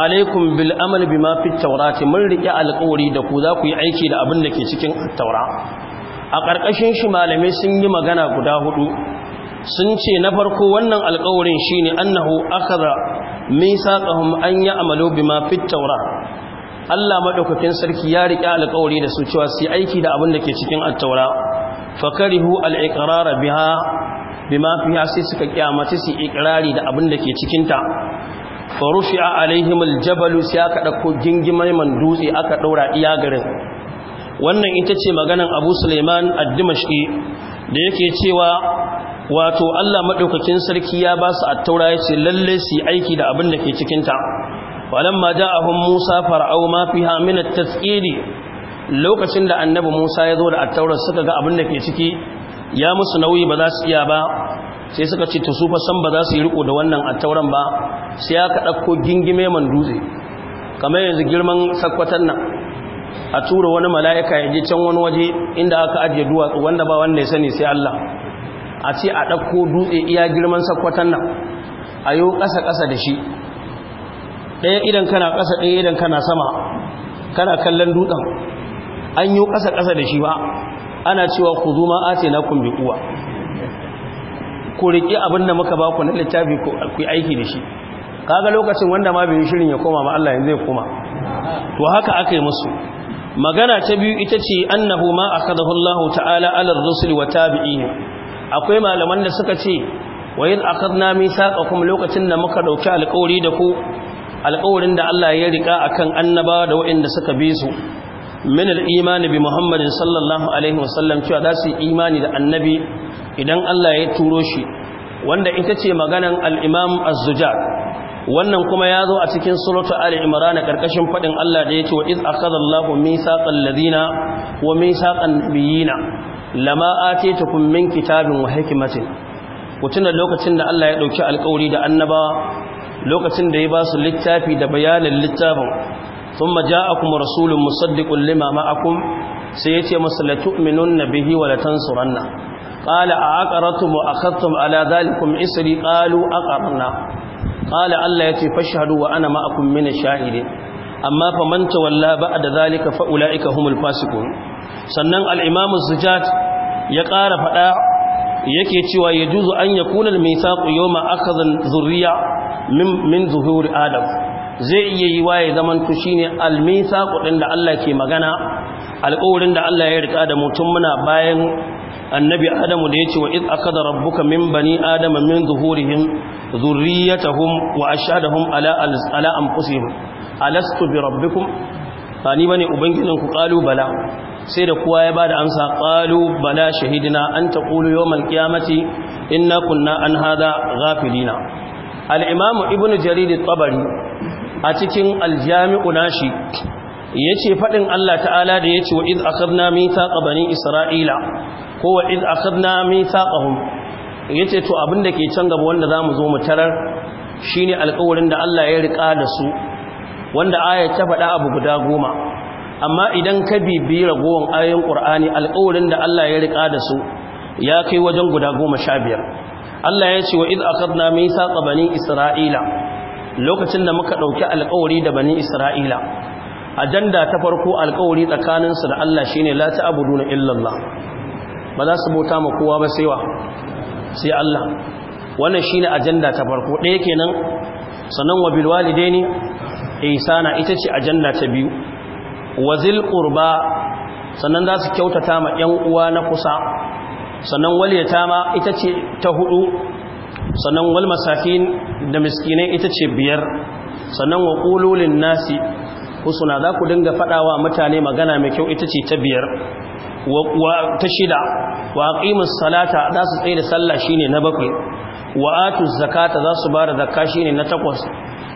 alaikum bil amal bima fit tawrati mun riƙe alƙawari da ku za ku yi aiki da abin da ke cikin taura a ƙarƙashin shi malamai sun yi magana guda hudu sun ce na farko wannan alƙawarin shine annahu akhadha misaqahum an ya'malu bima fi tawra Allah madaukakin sarki ya riƙe alƙawari da su cewa su yi aiki da abin da ke cikin at-taura fakarihu al-iqrar biha bima sai suka kiyamace su ikrari da abin da ke cikin ta fa rufi'a alaihim aljabal sai aka dauko gingimai man dutse aka ɗaura iya garin wannan ita ce maganan Abu Suleiman ad-Dimashqi da yake cewa wato Allah madaukakin sarki ya ba su at-taura yace lalle su aiki da abin da ke cikin ta walamma ja'ahum Musa fara'u ma fiha min at lokacin da annabi Musa ya zo da attaura suka ga abin da ke ciki ya musu nauyi ba za su iya ba sai suka ce ta sufa san ba za su yi riko da wannan attauran ba sai ya ka ɗauko gingime man dutse kamar yanzu girman sakwatan nan a tura wani mala'ika ya je can wani waje inda aka ajiye duwatsu wanda ba wanda ya sani sai Allah a ce a ɗauko dutse iya girman sakwatan nan a yi ƙasa-ƙasa da shi ɗaya idan kana ƙasa ɗaya idan kana sama kana kallon dutsen an yi ƙasa-ƙasa da shi ba ana cewa ku zuma ate na kun ku riƙe abin da muka baku na littafi ku aiki da shi kaga lokacin wanda ma bai shirin ya koma ma Allah yanzu ya koma to haka aka yi musu magana ta biyu ita ce annahu ma akadahu Allah ta'ala ala ar-rusul wa tabi'in akwai malaman da suka ce wa id akadna misaqakum lokacin da muka dauki alƙawari da ku alƙawarin da Allah ya rika akan annaba da waɗanda suka bi su min al-imani bi muhammadin sallallahu alaihi wasallam cewa za su imani da annabi idan Allah ya turo shi wanda ita ce maganan al-imam az wannan kuma ya zo a cikin suratu ali imran karkashin faɗin Allah da ya ce wa iz akhadallahu mithaqal ladina wa mithaqan nabiyina lama atitukum min kitabin wa ku kutuna lokacin da Allah ya ɗauki alƙawari da annabawa lokacin da ya ba su littafi da bayanin littafin thumma ja'akum rasulun musaddiqun lima ma'akum sai yace masa la tu'minunna bihi wa la tansuranna qala aqaratum wa akhadtum ala dhalikum isri qalu aqarna qala allah yace fashhadu wa ana ma'akum min ash-shahidin amma faman tawalla ba'da dhalika fa ulaika humul fasiqun sannan al-imam az-zujat ya ƙara faɗa yake cewa ya juzu an ya kunar mai saƙo yau ma'akazan zuriya min zuhuri adam zai iya yi waye zaman to shine almisa kudin da Allah ke magana alƙawarin da Allah ya rika da mutum muna bayan annabi adamu da yace wa id akada rabbuka min bani adama min zuhurihim zurriyatahum wa ashhadahum ala ala anfusihim alastu bi rabbikum ani bane ubangijin ku qalu bala sai da kowa ya bada amsa qalu bala shahidina an taqulu yawmal qiyamati inna kunna an hada ghafilina al-imam ibnu jarir at-tabari a cikin aljami'u nashi yace fadin Allah ta'ala da yace wa iz akhadna mithaqa bani isra'ila ko wa iz akhadna mithaqahum yace to abinda ke can gaba wanda zamu zo mu tarar shine alƙawarin da Allah ya rika da su wanda aya ta faɗa abu guda goma amma idan ka bibi ragowar ayoyin Qur'ani alƙawarin da Allah ya rika da su ya kai wajen guda goma sha biyar Allah ya ce wa iz akhadna mithaqa bani isra'ila lokacin da muka ɗauki alƙawari da bani isra'ila ajanda ta farko alƙawari tsakaninsu da Allah shi ne lati abudu na illallah ba za su bauta ma kowa ba sai wa sai Allah wannan shi ne ajanda ta farko ɗaya kenan sannan wa Bilwali bil walidaini ihsana ita ce ajanda ta biyu zil ƙurba sannan za su kyautata ma 'yan uwa na kusa sannan waliyata ma ita ce ta hudu sannan wal masakin da miskinai ita ce biyar sannan wa kululin nasi husuna za ku dinga fadawa mutane magana mai kyau ita ce ta biyar wa ta shida wa aqimus salata za su tsaye da sallah shine na bakwai wa atuz zakata za su bada zakka shine na takwas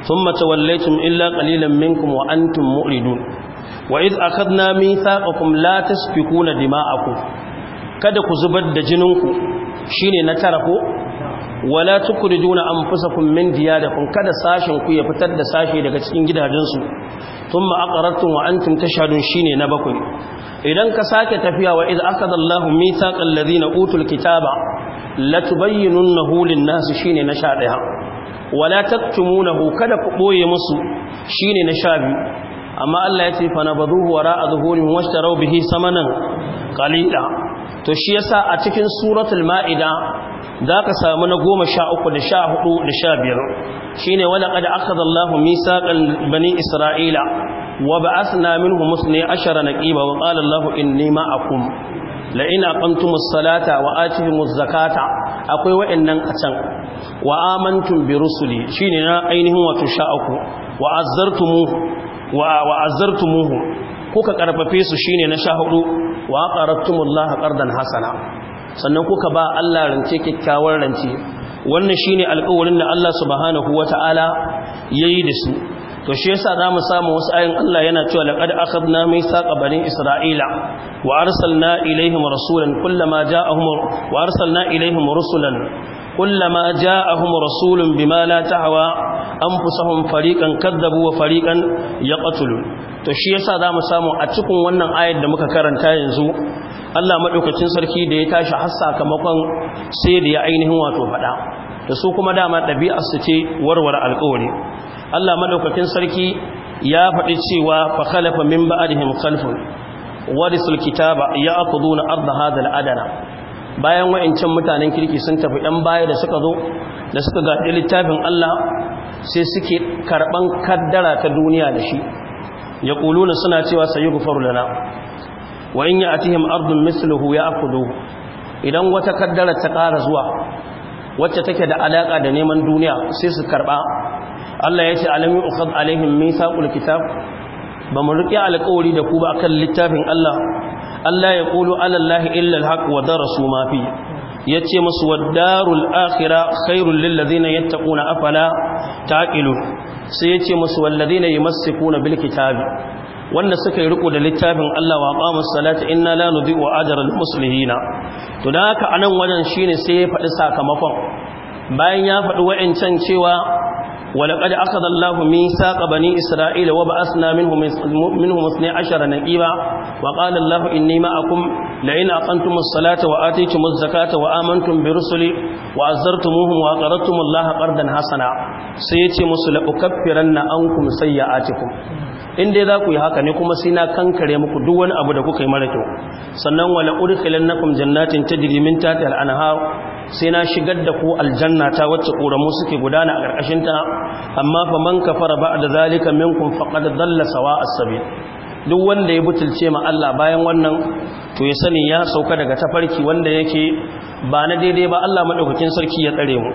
thumma tawallaytum illa qalilan minkum wa antum mu'ridun wa iz akhadna mithaqakum la tasfikuna dima'akum kada ku zubar da jinin ku shine na tara ko wala tukrijuna anfusakum min diyarikum kada sashin ku ya fitar da sashi daga cikin gidajensu thumma aqrartum wa antum tashhadun shine na bakwai idan ka sake tafiya wa iz akada Allahu mithaqal ladina utul kitaba latubayyinunahu lin-nas shine na 11 wala taktumunahu kada ku boye musu shine na 12 amma Allah ya ce fa nabaduhu wara'a zuhurihim washtaraw bihi samanan qalila to shi yasa a cikin suratul maida za ka samu na goma sha uku da sha hudu da sha biyar shi ne wani ƙada aka zallahu misa bani isra'ila wa ba asina min humus ne ashara na ƙiba wa ƙalallahu in nema a kum la'ina ƙantumus salata wa atihimus zakata akwai wa'annan a can wa amantun bi rusuli shi ne na ainihin wato sha uku wa muhu kuka ƙarfafe su shi ne na sha hudu wa ƙarattumullaha ƙardan hasana sannan kuka ba Allah rance kyakkyawar rance wannan shine alƙawarin da Allah subhanahu wata'ala yayi da su to shi yasa zamu samu wasu ayin Allah yana cewa laqad akhadna mithaqa bani isra'ila wa arsalna ilaihim rasulan kullama ja'ahum wa arsalna ilaihim rusulan كلما جاءهم رسول بما لا تهوى أنفسهم فريقا كذبوا وفريقا يقتلون to shi yasa zamu samu a cikin wannan ayar da muka karanta yanzu Allah madaukakin sarki da ya tashi har sakamakon sai da ya ainihin wato fada da su kuma dama dabi'ar su ce warware alƙawari Allah madaukakin sarki ya faɗi cewa fa khalafa min ba'dihim khalfun warisul kitaba ya'khuduna ardh hadha al-adana bayan wa'ancan mutanen kirki sun tafi ɗan baya da suka zo da suka gaɗi littafin Allah sai suke karɓan kaddara ta duniya da shi ya ƙuluna suna cewa sayi gufar lana wa in yi a ardun misluhu ya akudu idan wata kaddara ta ƙara zuwa wacce take da alaƙa da neman duniya sai su karɓa Allah ya ce alamin ukhad alaihim kitab ba mu riƙe alƙawari da ku ba akan littafin Allah Allah ya kulu alallahi illal illa haq wa darasu ma fi yace musu wadarul akhirah khairul lil ladina yattaquna afala taqilun sai yace musu wal ladina yumsikuna bil kitabi wanda suka yi riko da littafin Allah wa qamus salata inna la nudhi'u ajral muslihina to dan haka anan wajen shine sai ya faɗi sakamakon bayan ya faɗi wa'ancan cewa ولقد أخذ الله ميثاق بني إسرائيل وبعثنا منهم منهم اثني عشر نقيبا وقال الله إني معكم لئن أقمتم الصلاة وآتيتم الزكاة وآمنتم برسلي وعزرتموهم وأقرضتم الله قرضا حسنا سيتي مسل أكفرن عنكم سيئاتكم in dai za ku yi haka ne kuma sai na kankare muku duk wani abu da kuka yi mara kyau sannan wala udkhilannakum jannatin tajri min tahtiha al-anhar sai na shigar da ku aljanna ta wacce ƙoramu suke gudana a ƙarƙashinta amma fa man kafara ba da zalika minkum faqad dalla sawa as-sabil duk wanda ya butulce ma Allah bayan wannan to ya sani ya sauka daga tafarki wanda yake ba na daidai ba Allah madaukakin sarki ya tsare mu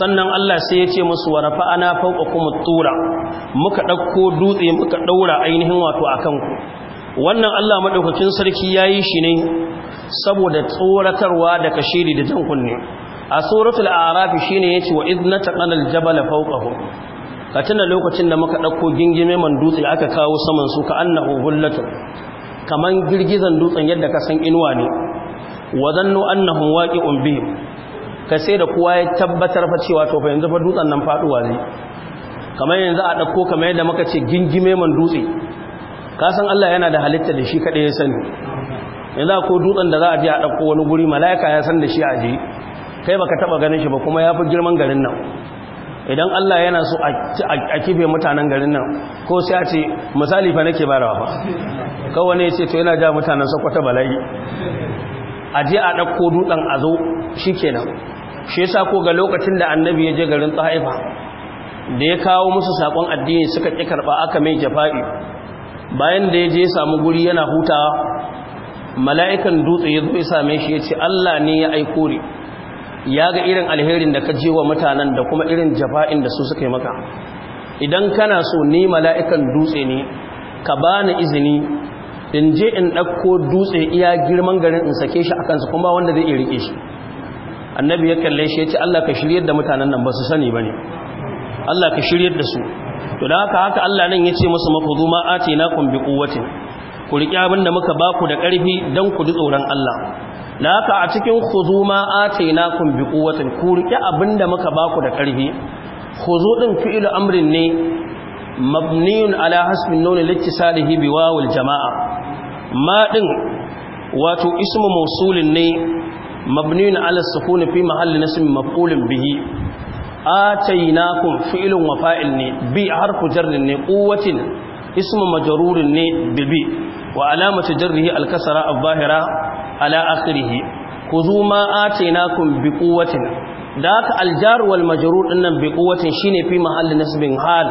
sannan Allah sai ya ce musu wa ana fawqakum tura muka dauko dutse muka daura ainihin wato akan ku wannan Allah madaukakin sarki yayi shi ne saboda tsoratarwa da kashiri da jan kunne a suratul a'raf shine yace wa idna taqanal jabala fawqahu ka tuna lokacin da muka dauko gingime man dutse aka kawo saman su ka annahu hullatu kaman girgizan dutsen yadda ka san inuwa ne wa zannu annahu waqi'un bihim ka sai da kowa ya tabbatar fa cewa to fa yanzu fa dutsen nan faduwa ne kamar yanzu a dauko kamar yadda muka ce gingime man dutse ka san Allah yana da halitta da shi kadai ya sani yanzu ko dutsen da za a je a ɗauko wani guri mala'ika ya san da shi a je kai baka taba ganin shi ba kuma ya fi girman garin nan idan Allah yana so a kife mutanen garin nan ko sai a ce misali fa nake barawa fa kawai ne ce to yana ja mutanen kwata bala'i a je a ɗauko dutsen a zo shi kenan shi yasa ko ga lokacin da annabi ya je garin tsaifa da ya kawo musu sakon addini suka ƙi karɓa aka mai jafa'i bayan da ya je samu guri yana huta mala'ikan dutse ya zuwa ya same shi ya ce Allah ne ya aiko ne ya ga irin alherin da ka je wa mutanen da kuma irin jafa'in da su suka yi maka idan kana so ni mala'ikan dutse ne ka bani izini in je in ɗauko dutse iya girman garin in sake shi a kansu kuma wanda zai iya shi annabi ya kalle shi ya ce Allah ka shiryar da mutanen nan ba su sani ba ne Allah ka shiryar da su to da haka haka Allah nan ya ce musu mafudu ma kun bi quwwatin ku riƙi abin da muka baku da ƙarfi dan ku ji tsoron Allah da haka a cikin kuzu ma kun bi quwwatin ku riƙi abin da muka baku da ƙarfi khudu din fi'lu amrin ne mabniyun ala hasbin nun littisalihi bi wawil jamaa ma din wato ismu mawsulin ne mabniyun ala sukun fi mahalli nasb maf'ulin bihi atainakum fi'lun wa fa'il ne bi harfu jarrin ne quwwatin ismu majrurin ne bi bi wa alamatu jarrihi al adh-dhahira ala akhirih khudhu ma atainakum bi quwwatin da haka wal majrur dinnan bi quwwatin shine fi mahalli nasbin hal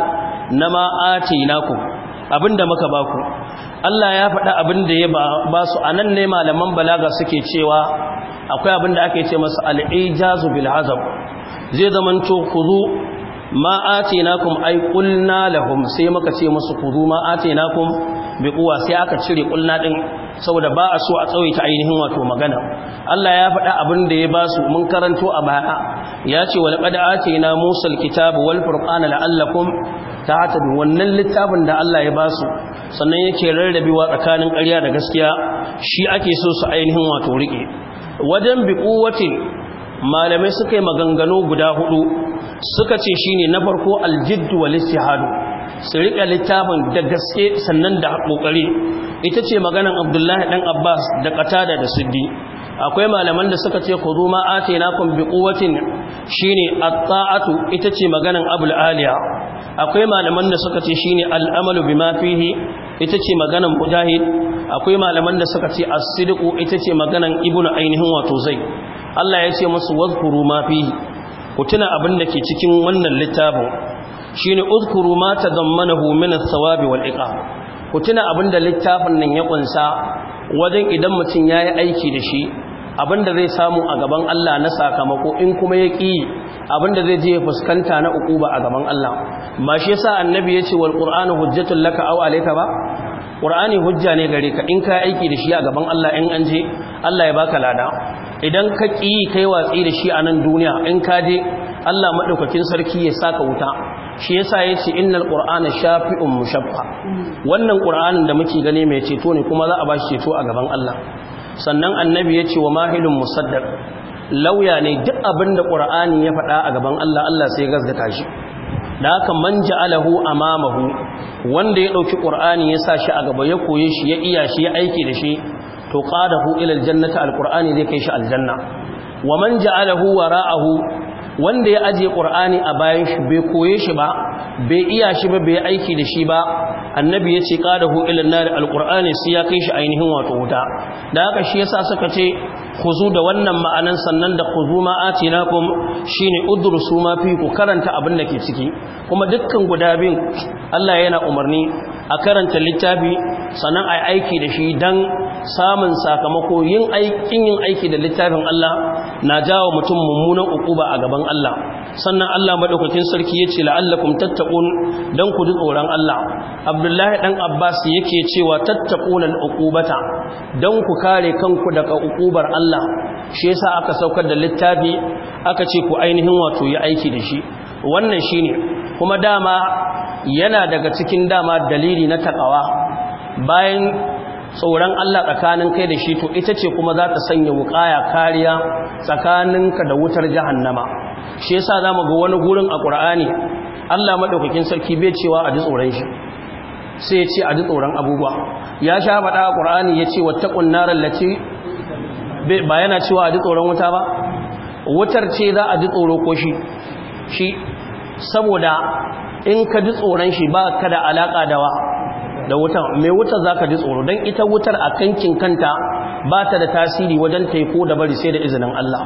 na ma atainakum abinda muka baku Allah ya faɗa abinda ya ba su anan ne malaman balaga suke cewa akwai abinda ake ce masa al-ijazu bil hazab zai zamanto kudu na atinakum ai kulna lahum sai muka ce musu kudu ma atinakum bi quwa sai aka cire kulna din saboda ba a so a tsawaita ainihin wato magana Allah ya faɗa abin da ya basu mun karanto a baya ya ce wal qad atina musa alkitaba wal furqana la'allakum tahtadun wannan littafin da Allah ya basu sannan yake rarrabewa tsakanin ƙarya da gaskiya shi ake so su ainihin wato rike wajen bi quwwatin malamai suka yi maganganu guda hudu suka ce ne na farko aljiddu wal istihadu su riƙe littafin da gaske sannan da ƙoƙari. ita ce maganan abdullahi ɗan abbas da qatada da siddi akwai malaman da suka ce khudhu ma kun bi Shi ne a taatu ita ce maganan abul aliya akwai malaman da suka ce ne al'amalu amalu bima fihi ita ce maganan mujahid akwai malaman da suka ce asidiku sidiku ita ce maganan ibnu ainihin wato zai Allah ya ce musu wazkuru ma fi ku abin da ke cikin wannan littafin shine uzkuru ma tadammanahu min as thawabi wal iqab ku tuna abin da littafin nan ya kunsa wajen idan mutum yayi aiki da shi Abin da zai samu a gaban Allah na sakamako in kuma ya ƙi abinda zai je fuskanta na ba a gaban Allah ba shi yasa annabi ya ce wal qur'anu hujjatul laka aw alayka ba qur'ani hujja ne gare ka in ka aiki da shi a gaban Allah in an je Allah ya baka lada idan ka ƙi kai watsi da shi a nan duniya in ka je Allah madaukakin sarki ya saka wuta shi yasa ce innal qur'ana shafi'un mushaffa wannan qur'anin da muke gani mai ceto ne kuma za a ba shi ceto a gaban Allah sannan annabi ya ce wa mahilun musaddar lauya ne duk abin da ƙura'ani ya faɗa a gaban Allah Allah sai gasgata shi da haka alahu a amamahu wanda ya ɗauki ƙur'ani ya sa shi a gaba ya koye shi ya iya shi ya aiki da shi to ilal jannata al ƙuraani zai kai shi aljanna wa manja alahu wa ra'ahu wanda ya ajiye ƙur'ani a bayan shi bai koye shi ba bai iya shi ba bai aiki da shi ba annabi ya ce ƙada hu ilin nari alƙur'ani sai ya kai shi ainihin wato wuta da haka shi yasa suka ce kuzu da wannan ma'anan sannan da kuzu ma ne shine su ma fi ku karanta abin da ke ciki kuma dukkan guda biyun Allah yana umarni a karanta littafi sannan a aiki da shi don samun sakamako yin aikin yin aiki da littafin Allah na jawo mutum mummunan ukuba a gaban Allah sannan Allah madaukakin sarki yace la'allakum tattaqun dan ku tsoron Allah Abdullahi ɗan Abbas yake cewa tattaqunal uqubata dan ku kare kanku daga ukubar Allah shi yasa aka saukar da littafi aka ce ku ainihin wato yi aiki da shi wannan shine kuma dama yana daga cikin dama dalili na takawa bayan tsoron Allah tsakanin kai da shi to ita ce kuma za ta sanya wukaya kariya tsakaninka da wutar jahannama shi yasa mu ga wani gurin a ƙur'ani? Allah maɗaukakin sarki bai cewa a ji tsoron shi sai ya ce a ji tsoron abubuwa ya sha faɗa a ƙur'ani ya ce wata naral lati ba yana cewa a ji tsoron wuta ba wutar ce za a ji tsoro ko shi shi saboda in ka ji tsoron shi ba ka da alaka da wa da wutan mai wutar zaka ji tsoro dan ita wutar a kankin kanta ba ta da tasiri wajen taiko da bari sai da izinin Allah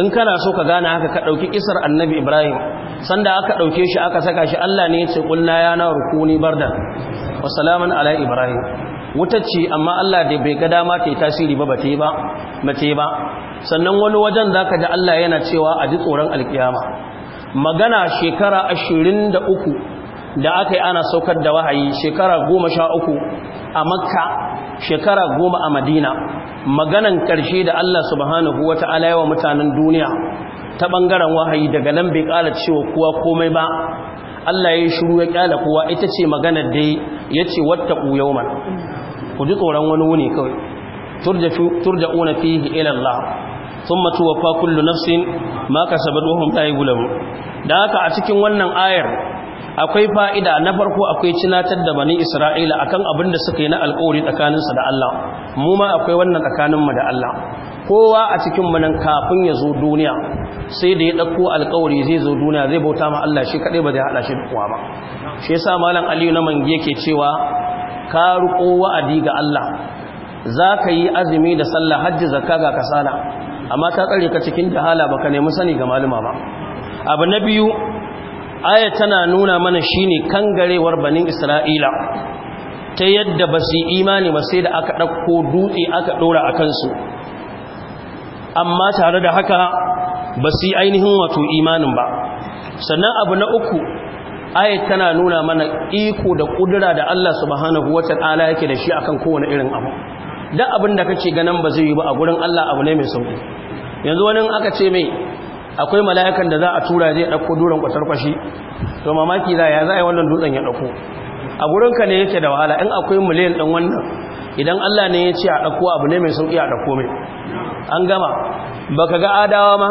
in kana so ka gane haka ka dauki kisar annabi Ibrahim sanda aka dauke shi aka saka shi Allah ne ya ce kullu ya na rukuni bardan wa salaman ala Ibrahim wutar ce amma Allah da bai ga dama ta yi tasiri ba ba mace ba sannan wani wajen zaka ji Allah yana cewa a ji tsoron alkiyama magana shekara 23 da aka yi ana saukar da wahayi shekara goma sha uku a makka shekara goma a madina maganan ƙarshe da allah subhanahu wa ta'ala yawa mutanen duniya ta ɓangaren wahayi daga nan bai ƙala cewa kowa komai ba allah ya yi shuru ya ƙyala kowa ita ce maganar da ya ce wata ƙuyau man ku ji tsoron wani wuni kawai turja'una fihi ila allah ثم توفى كل نفس ما كسبت وهم لا يظلمون da haka a cikin wannan ayar akwai fa'ida na farko akwai cinatar da bani isra'ila akan abin da suka yi na alkawari tsakaninsa da Allah mu ma akwai wannan tsakaninmu da Allah kowa a cikin manan kafin ya zo duniya sai da ya ɗauko alkawari zai zo duniya zai bauta ma Allah shi kaɗai ba zai haɗa shi kowa ba shi yasa malam aliyu na mange yake cewa ka riƙo wa'adi ga Allah za ka yi azumi da sallah hajji zakka ga kasala amma ka tsare ka cikin jahala baka nemi sani ga maluma ba abu na biyu aya tana nuna mana shine kangarewar banin isra'ila ta yadda ba su imani ba sai da aka ɗauko dutse aka ɗora a kansu amma tare da haka ba su ainihin wato imanin ba sannan abu na uku aya tana nuna mana iko da ƙudura da Allah subhanahu wata'ala yake da shi akan kowane irin abu da abin da kake ganin ba zai yi ba a gurin Allah abu ne mai sauki yanzu wani aka ce mai akwai mala'ikan da za a tura zai ɗauko duran kwatar kwashi to mamaki za ya za a yi wannan dutsen ya ɗauko a gurinka ne yake da wahala in akwai miliyan ɗan wannan idan allah ne ya ce a ɗauko abu ne mai sauƙi a ɗauko mai an gama ba ka ga adawa ma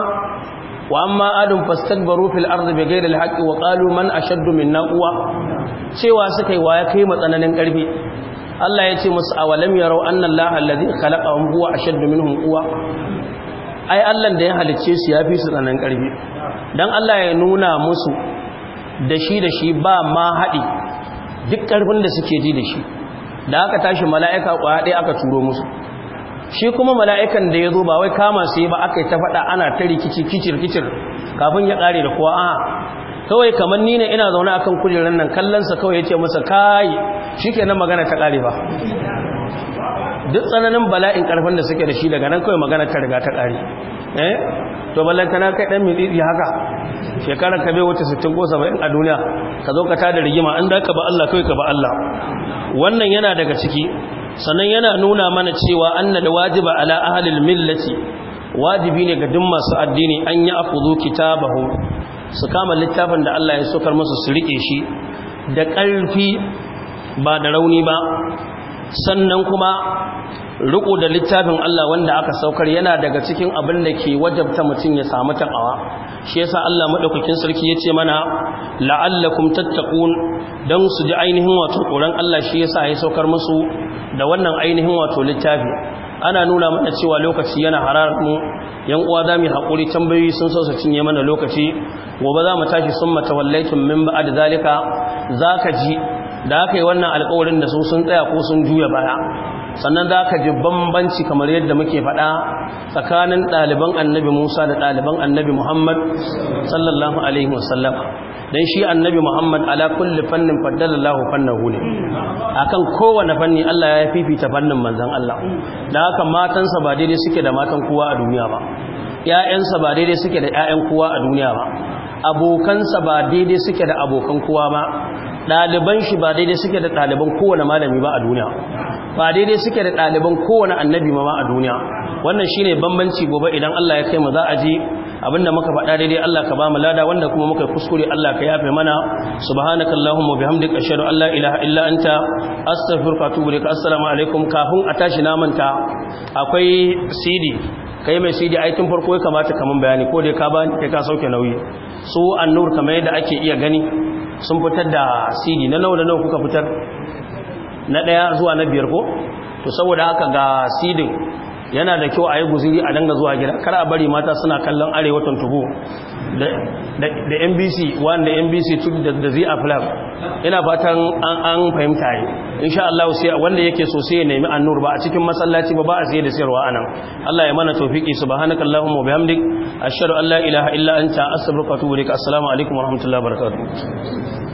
wa amma adun fastakbaru fil ardi bi ghayril lahaƙi wa Ƙalu man shaddu min na'uwa? cewa suka yi waya kai matsananin ƙarfi Allah ya ce musu awalam yarau anna Allah allazi khalaqahum huwa ashaddu minhum quwwa ai Allah da ya halicce su ya fi su tsanan karfi don Allah ya nuna musu da shi da shi ba ma haɗi duk karfin da suke ji da shi da aka tashi mala'ika ƙwaya ɗaya aka turo musu shi kuma mala'ikan da ya zo ba wai kama sai ba aka yi ta faɗa ana ta rikici kicir-kicir kafin ya ƙare da kuwa a kawai kamar ni ne ina zaune akan kujerar nan kallon sa kawai ya ce masa kayi shi ke magana ta kare ba duk tsananin bala'in karfin da suke da shi daga nan kawai magana ta riga ta ƙari eh to ballanta na kai dan miliyi haka shekarar ka bai wuce 60 ko 70 a duniya ka zo ka tada rigima an da ka ba Allah kawai ka ba Allah wannan yana daga ciki sannan yana nuna mana cewa anna da wajiba ala ahlil millati wajibi ne ga duk masu addini an yi afuzu kitabahu su kama littafin da Allah ya sokar musu su rike shi da ƙarfi ba da rauni ba sannan kuma riko da littafin Allah wanda aka saukar yana daga cikin abin da ke wajabta mutum ya samu takawa shi yasa Allah madaukakin sarki yace mana la'allakum tattaqun dan su ji ainihin wato koran Allah shi yasa ya saukar musu da wannan ainihin wato littafi ana nuna mana cewa lokaci yana harar mu yan uwa za mu hakuri tambayoyi sun so su cinye mana lokaci gobe za mu tashi summa tawallaitum min ba'd zalika zaka ji da aka yi wannan alkawarin da su sun tsaya ko sun juya baya sannan za ka ji bambanci kamar yadda muke faɗa tsakanin ɗaliban annabi musa da ɗaliban annabi muhammad sallallahu alaihi wasallam don shi annabi muhammad ala kulle fannin faddalallahu fannahu A kan kowane fanni allah ya fifita fannin manzan allah da haka matansa ba daidai suke da matan kowa a duniya ba ‘ya'yansa ba daidai suke da ‘ya'yan kowa a duniya ba abokansa ba daidai suke da abokan kowa ba ɗaliban shi ba daidai suke da ɗaliban kowane malami ba a duniya ba daidai suke da ɗaliban kowane annabi ma a duniya wannan shi ne bambanci gobe idan Allah ya kai mu za a ji abinda muka faɗa daidai Allah ka ba mu lada wanda kuma muka kuskure Allah ka yafe mana subhanaka allahumma bihamdika ashhadu an la ilaha illa anta astaghfiruka wa atubu assalamu alaikum kafin a tashi na manta akwai CD kai mai CD ai tun farko ya kamata kaman bayani ko dai ka ba kai ka sauke nauyi su annur kamar yadda ake iya gani sun fitar da cd na nawa da nawa kuka fitar na ɗaya zuwa na biyar ko to saboda haka ga cd yana da kyau a yi guziri a danga zuwa gida kar a bari mata suna kallon arewa tuntubu da nbc wanda nbc da zai aflam ina fatan an fahimta yi insha Allah sai wanda yake so sai ya nemi annur ba a cikin masallaci ba ba a sai da sayarwa anan Allah ya mana tawfiki subhanaka allahumma wa bihamdik ashhadu an la ilaha illa anta astaghfiruka wa atubu ilaik assalamu alaikum wa rahmatullahi wa